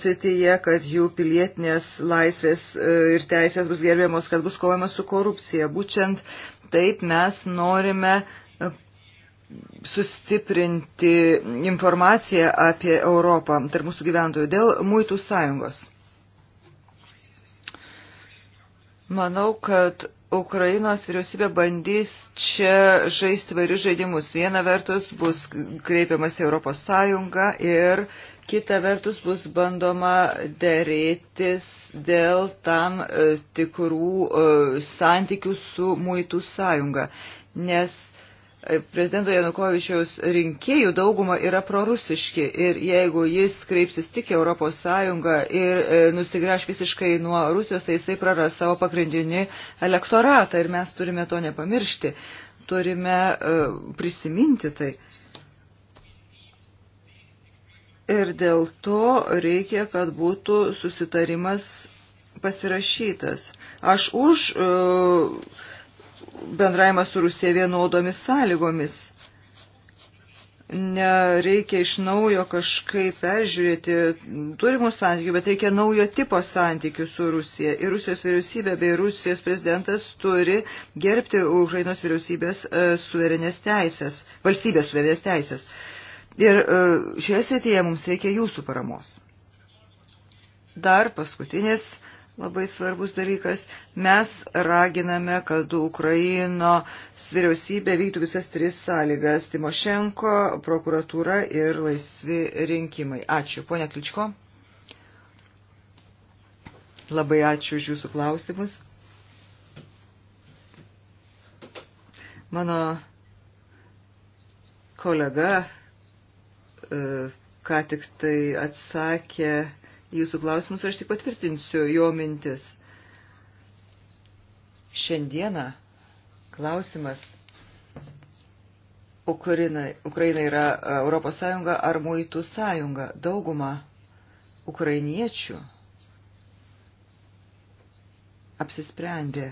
srityje, kad jų pilietinės laisvės ir teisės bus gerbiamos, kad bus kovama su korupcija. Būtent taip mes norime sustiprinti informaciją apie Europą tarp mūsų gyventojų dėl muitų sąjungos. Manau, kad Ukrainos vyriausybė bandys čia žaisti varius žaidimus. Viena vertus bus kreipiamas Europos Sąjunga ir kita vertus bus bandoma dėrėtis dėl tam e, tikrų e, santykių su Muitų Sąjunga. Nes prezidento Janukovičiaus rinkėjų dauguma yra prorusiški ir jeigu jis kreipsis tik Europos Sąjungą ir e, nusigręš visiškai nuo Rusijos, tai jisai praras savo pagrindinį elektoratą ir mes turime to nepamiršti, turime e, prisiminti tai. Ir dėl to reikia, kad būtų susitarimas pasirašytas. Aš už uh, bendravimas su Rusija vienodomis sąlygomis. Nereikia iš naujo kažkaip peržiūrėti turimų santykių, bet reikia naujo tipo santykių su Rusija. Ir Rusijos vyriausybė bei Rusijos prezidentas turi gerbti Ukrainos vyriausybės e, suverenės teisės, valstybės suverenės teisės. Ir e, šioje srityje mums reikia jūsų paramos. Dar paskutinis labai svarbus dalykas. Mes raginame, kad Ukraino vyriausybė vyktų visas tris sąlygas - Timošenko, prokuratūra ir laisvi rinkimai. Ačiū. Pone Kličko. Labai ačiū už Jūsų klausimus. Mano kolega e, ką tik tai atsakė jūsų klausimus, aš tik patvirtinsiu jo mintis. Šiandieną klausimas, Ukraina, Ukraina yra e, Europos Sąjunga ar Muitų Sąjunga. Dauguma ukrainiečių apsisprendė.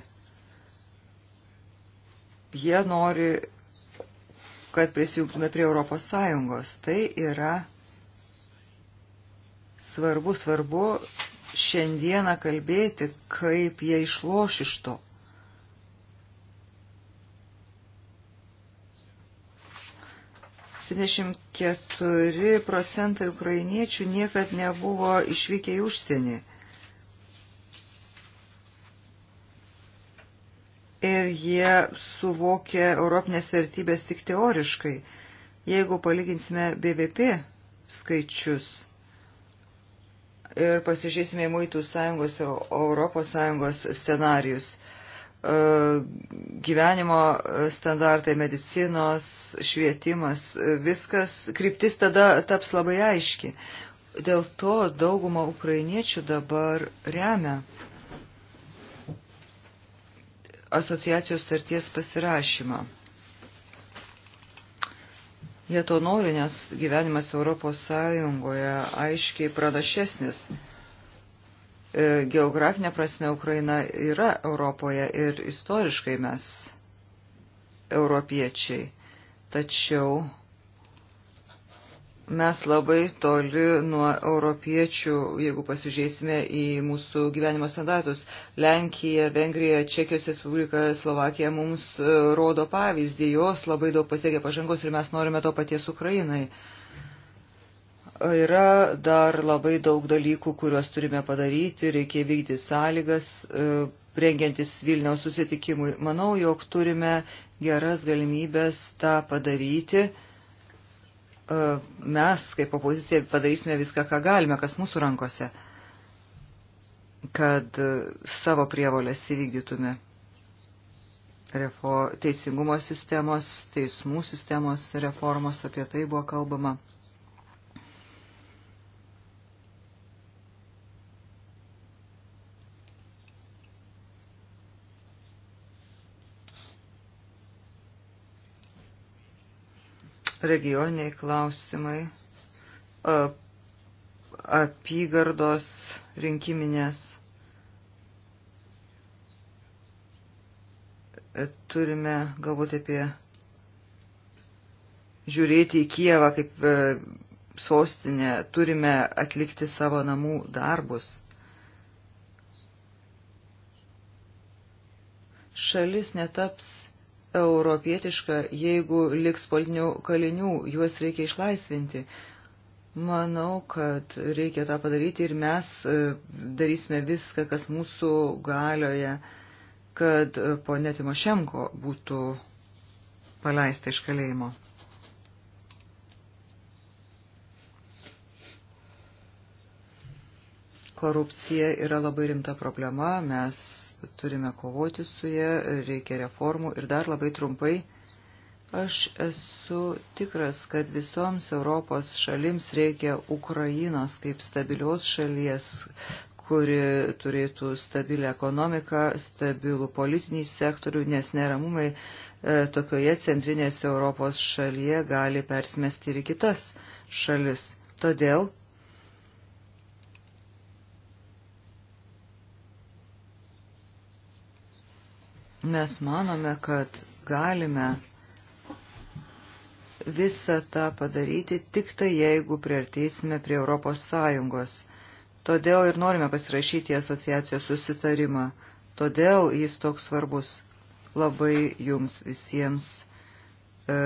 Jie nori, kad prisijungtume prie Europos Sąjungos. Tai yra svarbu, svarbu šiandieną kalbėti, kaip jie išloš iš to. keturi procentai ukrainiečių niekad nebuvo išvykę į užsienį. Ir jie suvokė europinės vertybės tik teoriškai. Jeigu palyginsime BVP skaičius, ir pasižiūrėsime į Muitų sąjungos, Europos sąjungos scenarius. E, gyvenimo standartai, medicinos, švietimas, e, viskas, kryptis tada taps labai aiški. Dėl to dauguma ukrainiečių dabar remia asociacijos starties pasirašymą. Jie to nori, nes gyvenimas Europos Sąjungoje aiškiai pranašesnis e, geografinė prasme Ukraina yra Europoje ir istoriškai mes europiečiai. Tačiau mes labai toli nuo europiečių, jeigu pasižiūrėsime į mūsų gyvenimo standartus. Lenkija, Vengrija, Čekijos Respublika, Slovakija mums e, rodo pavyzdį, jos labai daug pasiekė pažangos ir mes norime to paties Ukrainai. Yra dar labai daug dalykų, kuriuos turime padaryti, reikia vykdyti sąlygas, e, rengiantis Vilniaus susitikimui. Manau, jog turime geras galimybės tą padaryti E, mes, kaip opozicija, padarysime viską, ką galime, kas mūsų rankose, kad e, savo prievolės įvykdytume. Refo, teisingumo sistemos, teismų sistemos reformos, apie tai buvo kalbama. regioniniai klausimai, apygardos rinkiminės. Turime galvoti apie žiūrėti į Kievą kaip e, sostinę, turime atlikti savo namų darbus. Šalis netaps europietiška, jeigu liks politinių kalinių, juos reikia išlaisvinti. Manau, kad reikia tą padaryti ir mes e, darysime viską, kas mūsų galioje, kad e, ponė Timošenko būtų paleista iš kalėjimo. Korupcija yra labai rimta problema, mes turime kovoti su ją, reikia reformų ir dar labai trumpai. Aš esu tikras, kad visoms Europos šalims reikia Ukrainos kaip stabilios šalies, kuri turėtų stabilę ekonomiką, stabilų politinį sektorių, nes neramumai e, tokioje centrinės Europos šalyje gali persimesti ir kitas šalis. Todėl Mes manome, kad galime visą tą padaryti tik tai, jeigu priartėsime prie Europos Sąjungos. Todėl ir norime pasirašyti asociacijos susitarimą. Todėl jis toks svarbus. Labai jums visiems, e,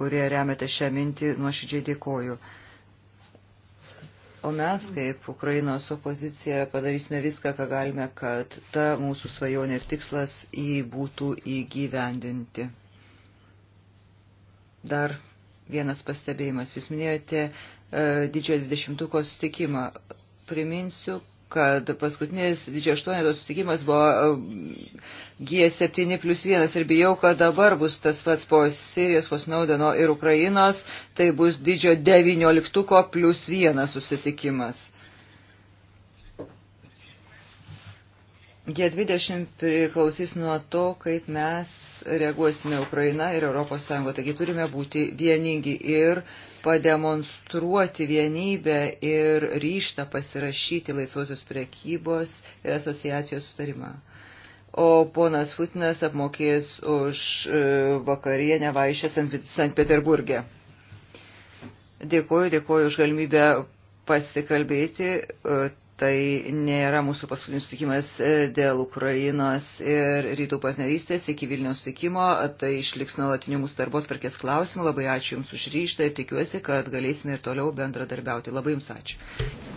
kurie remiate šią mintį, nuoširdžiai dėkoju. O mes, kaip Ukrainos opozicija, padarysime viską, ką galime, kad ta mūsų svajonė ir tikslas jį būtų įgyvendinti. Dar vienas pastebėjimas. Jūs minėjote e, didžiojo dvidešimtuko sutikimą. Priminsiu, kad paskutinis didžiojo aštuoneto susitikimas buvo um, G7 plus 1 ir bijau, kad dabar bus tas pats po Sirijos, po Snaudeno ir Ukrainos, tai bus didžiojo 19 plus 1 susitikimas. G20 priklausys nuo to, kaip mes reaguosime Ukraina ir ES, taigi turime būti vieningi ir uh, pademonstruoti vienybę ir ryštą pasirašyti laisvosios prekybos ir asociacijos sutarimą. O ponas Putinas apmokės už e, vakarienę vaišę Sankt Peterburgė. Dėkuoju, dėkuoju už galimybę pasikalbėti. E, tai nėra mūsų paskutinis sutikimas e, dėl Ukrainos ir rytų partnerystės iki Vilniaus sutikimo, tai išliks nuolatinių mūsų darbos tvarkės klausimų. Labai ačiū Jums už ryštą ir tikiuosi, kad galėsime ir toliau bendradarbiauti. Labai Jums ačiū.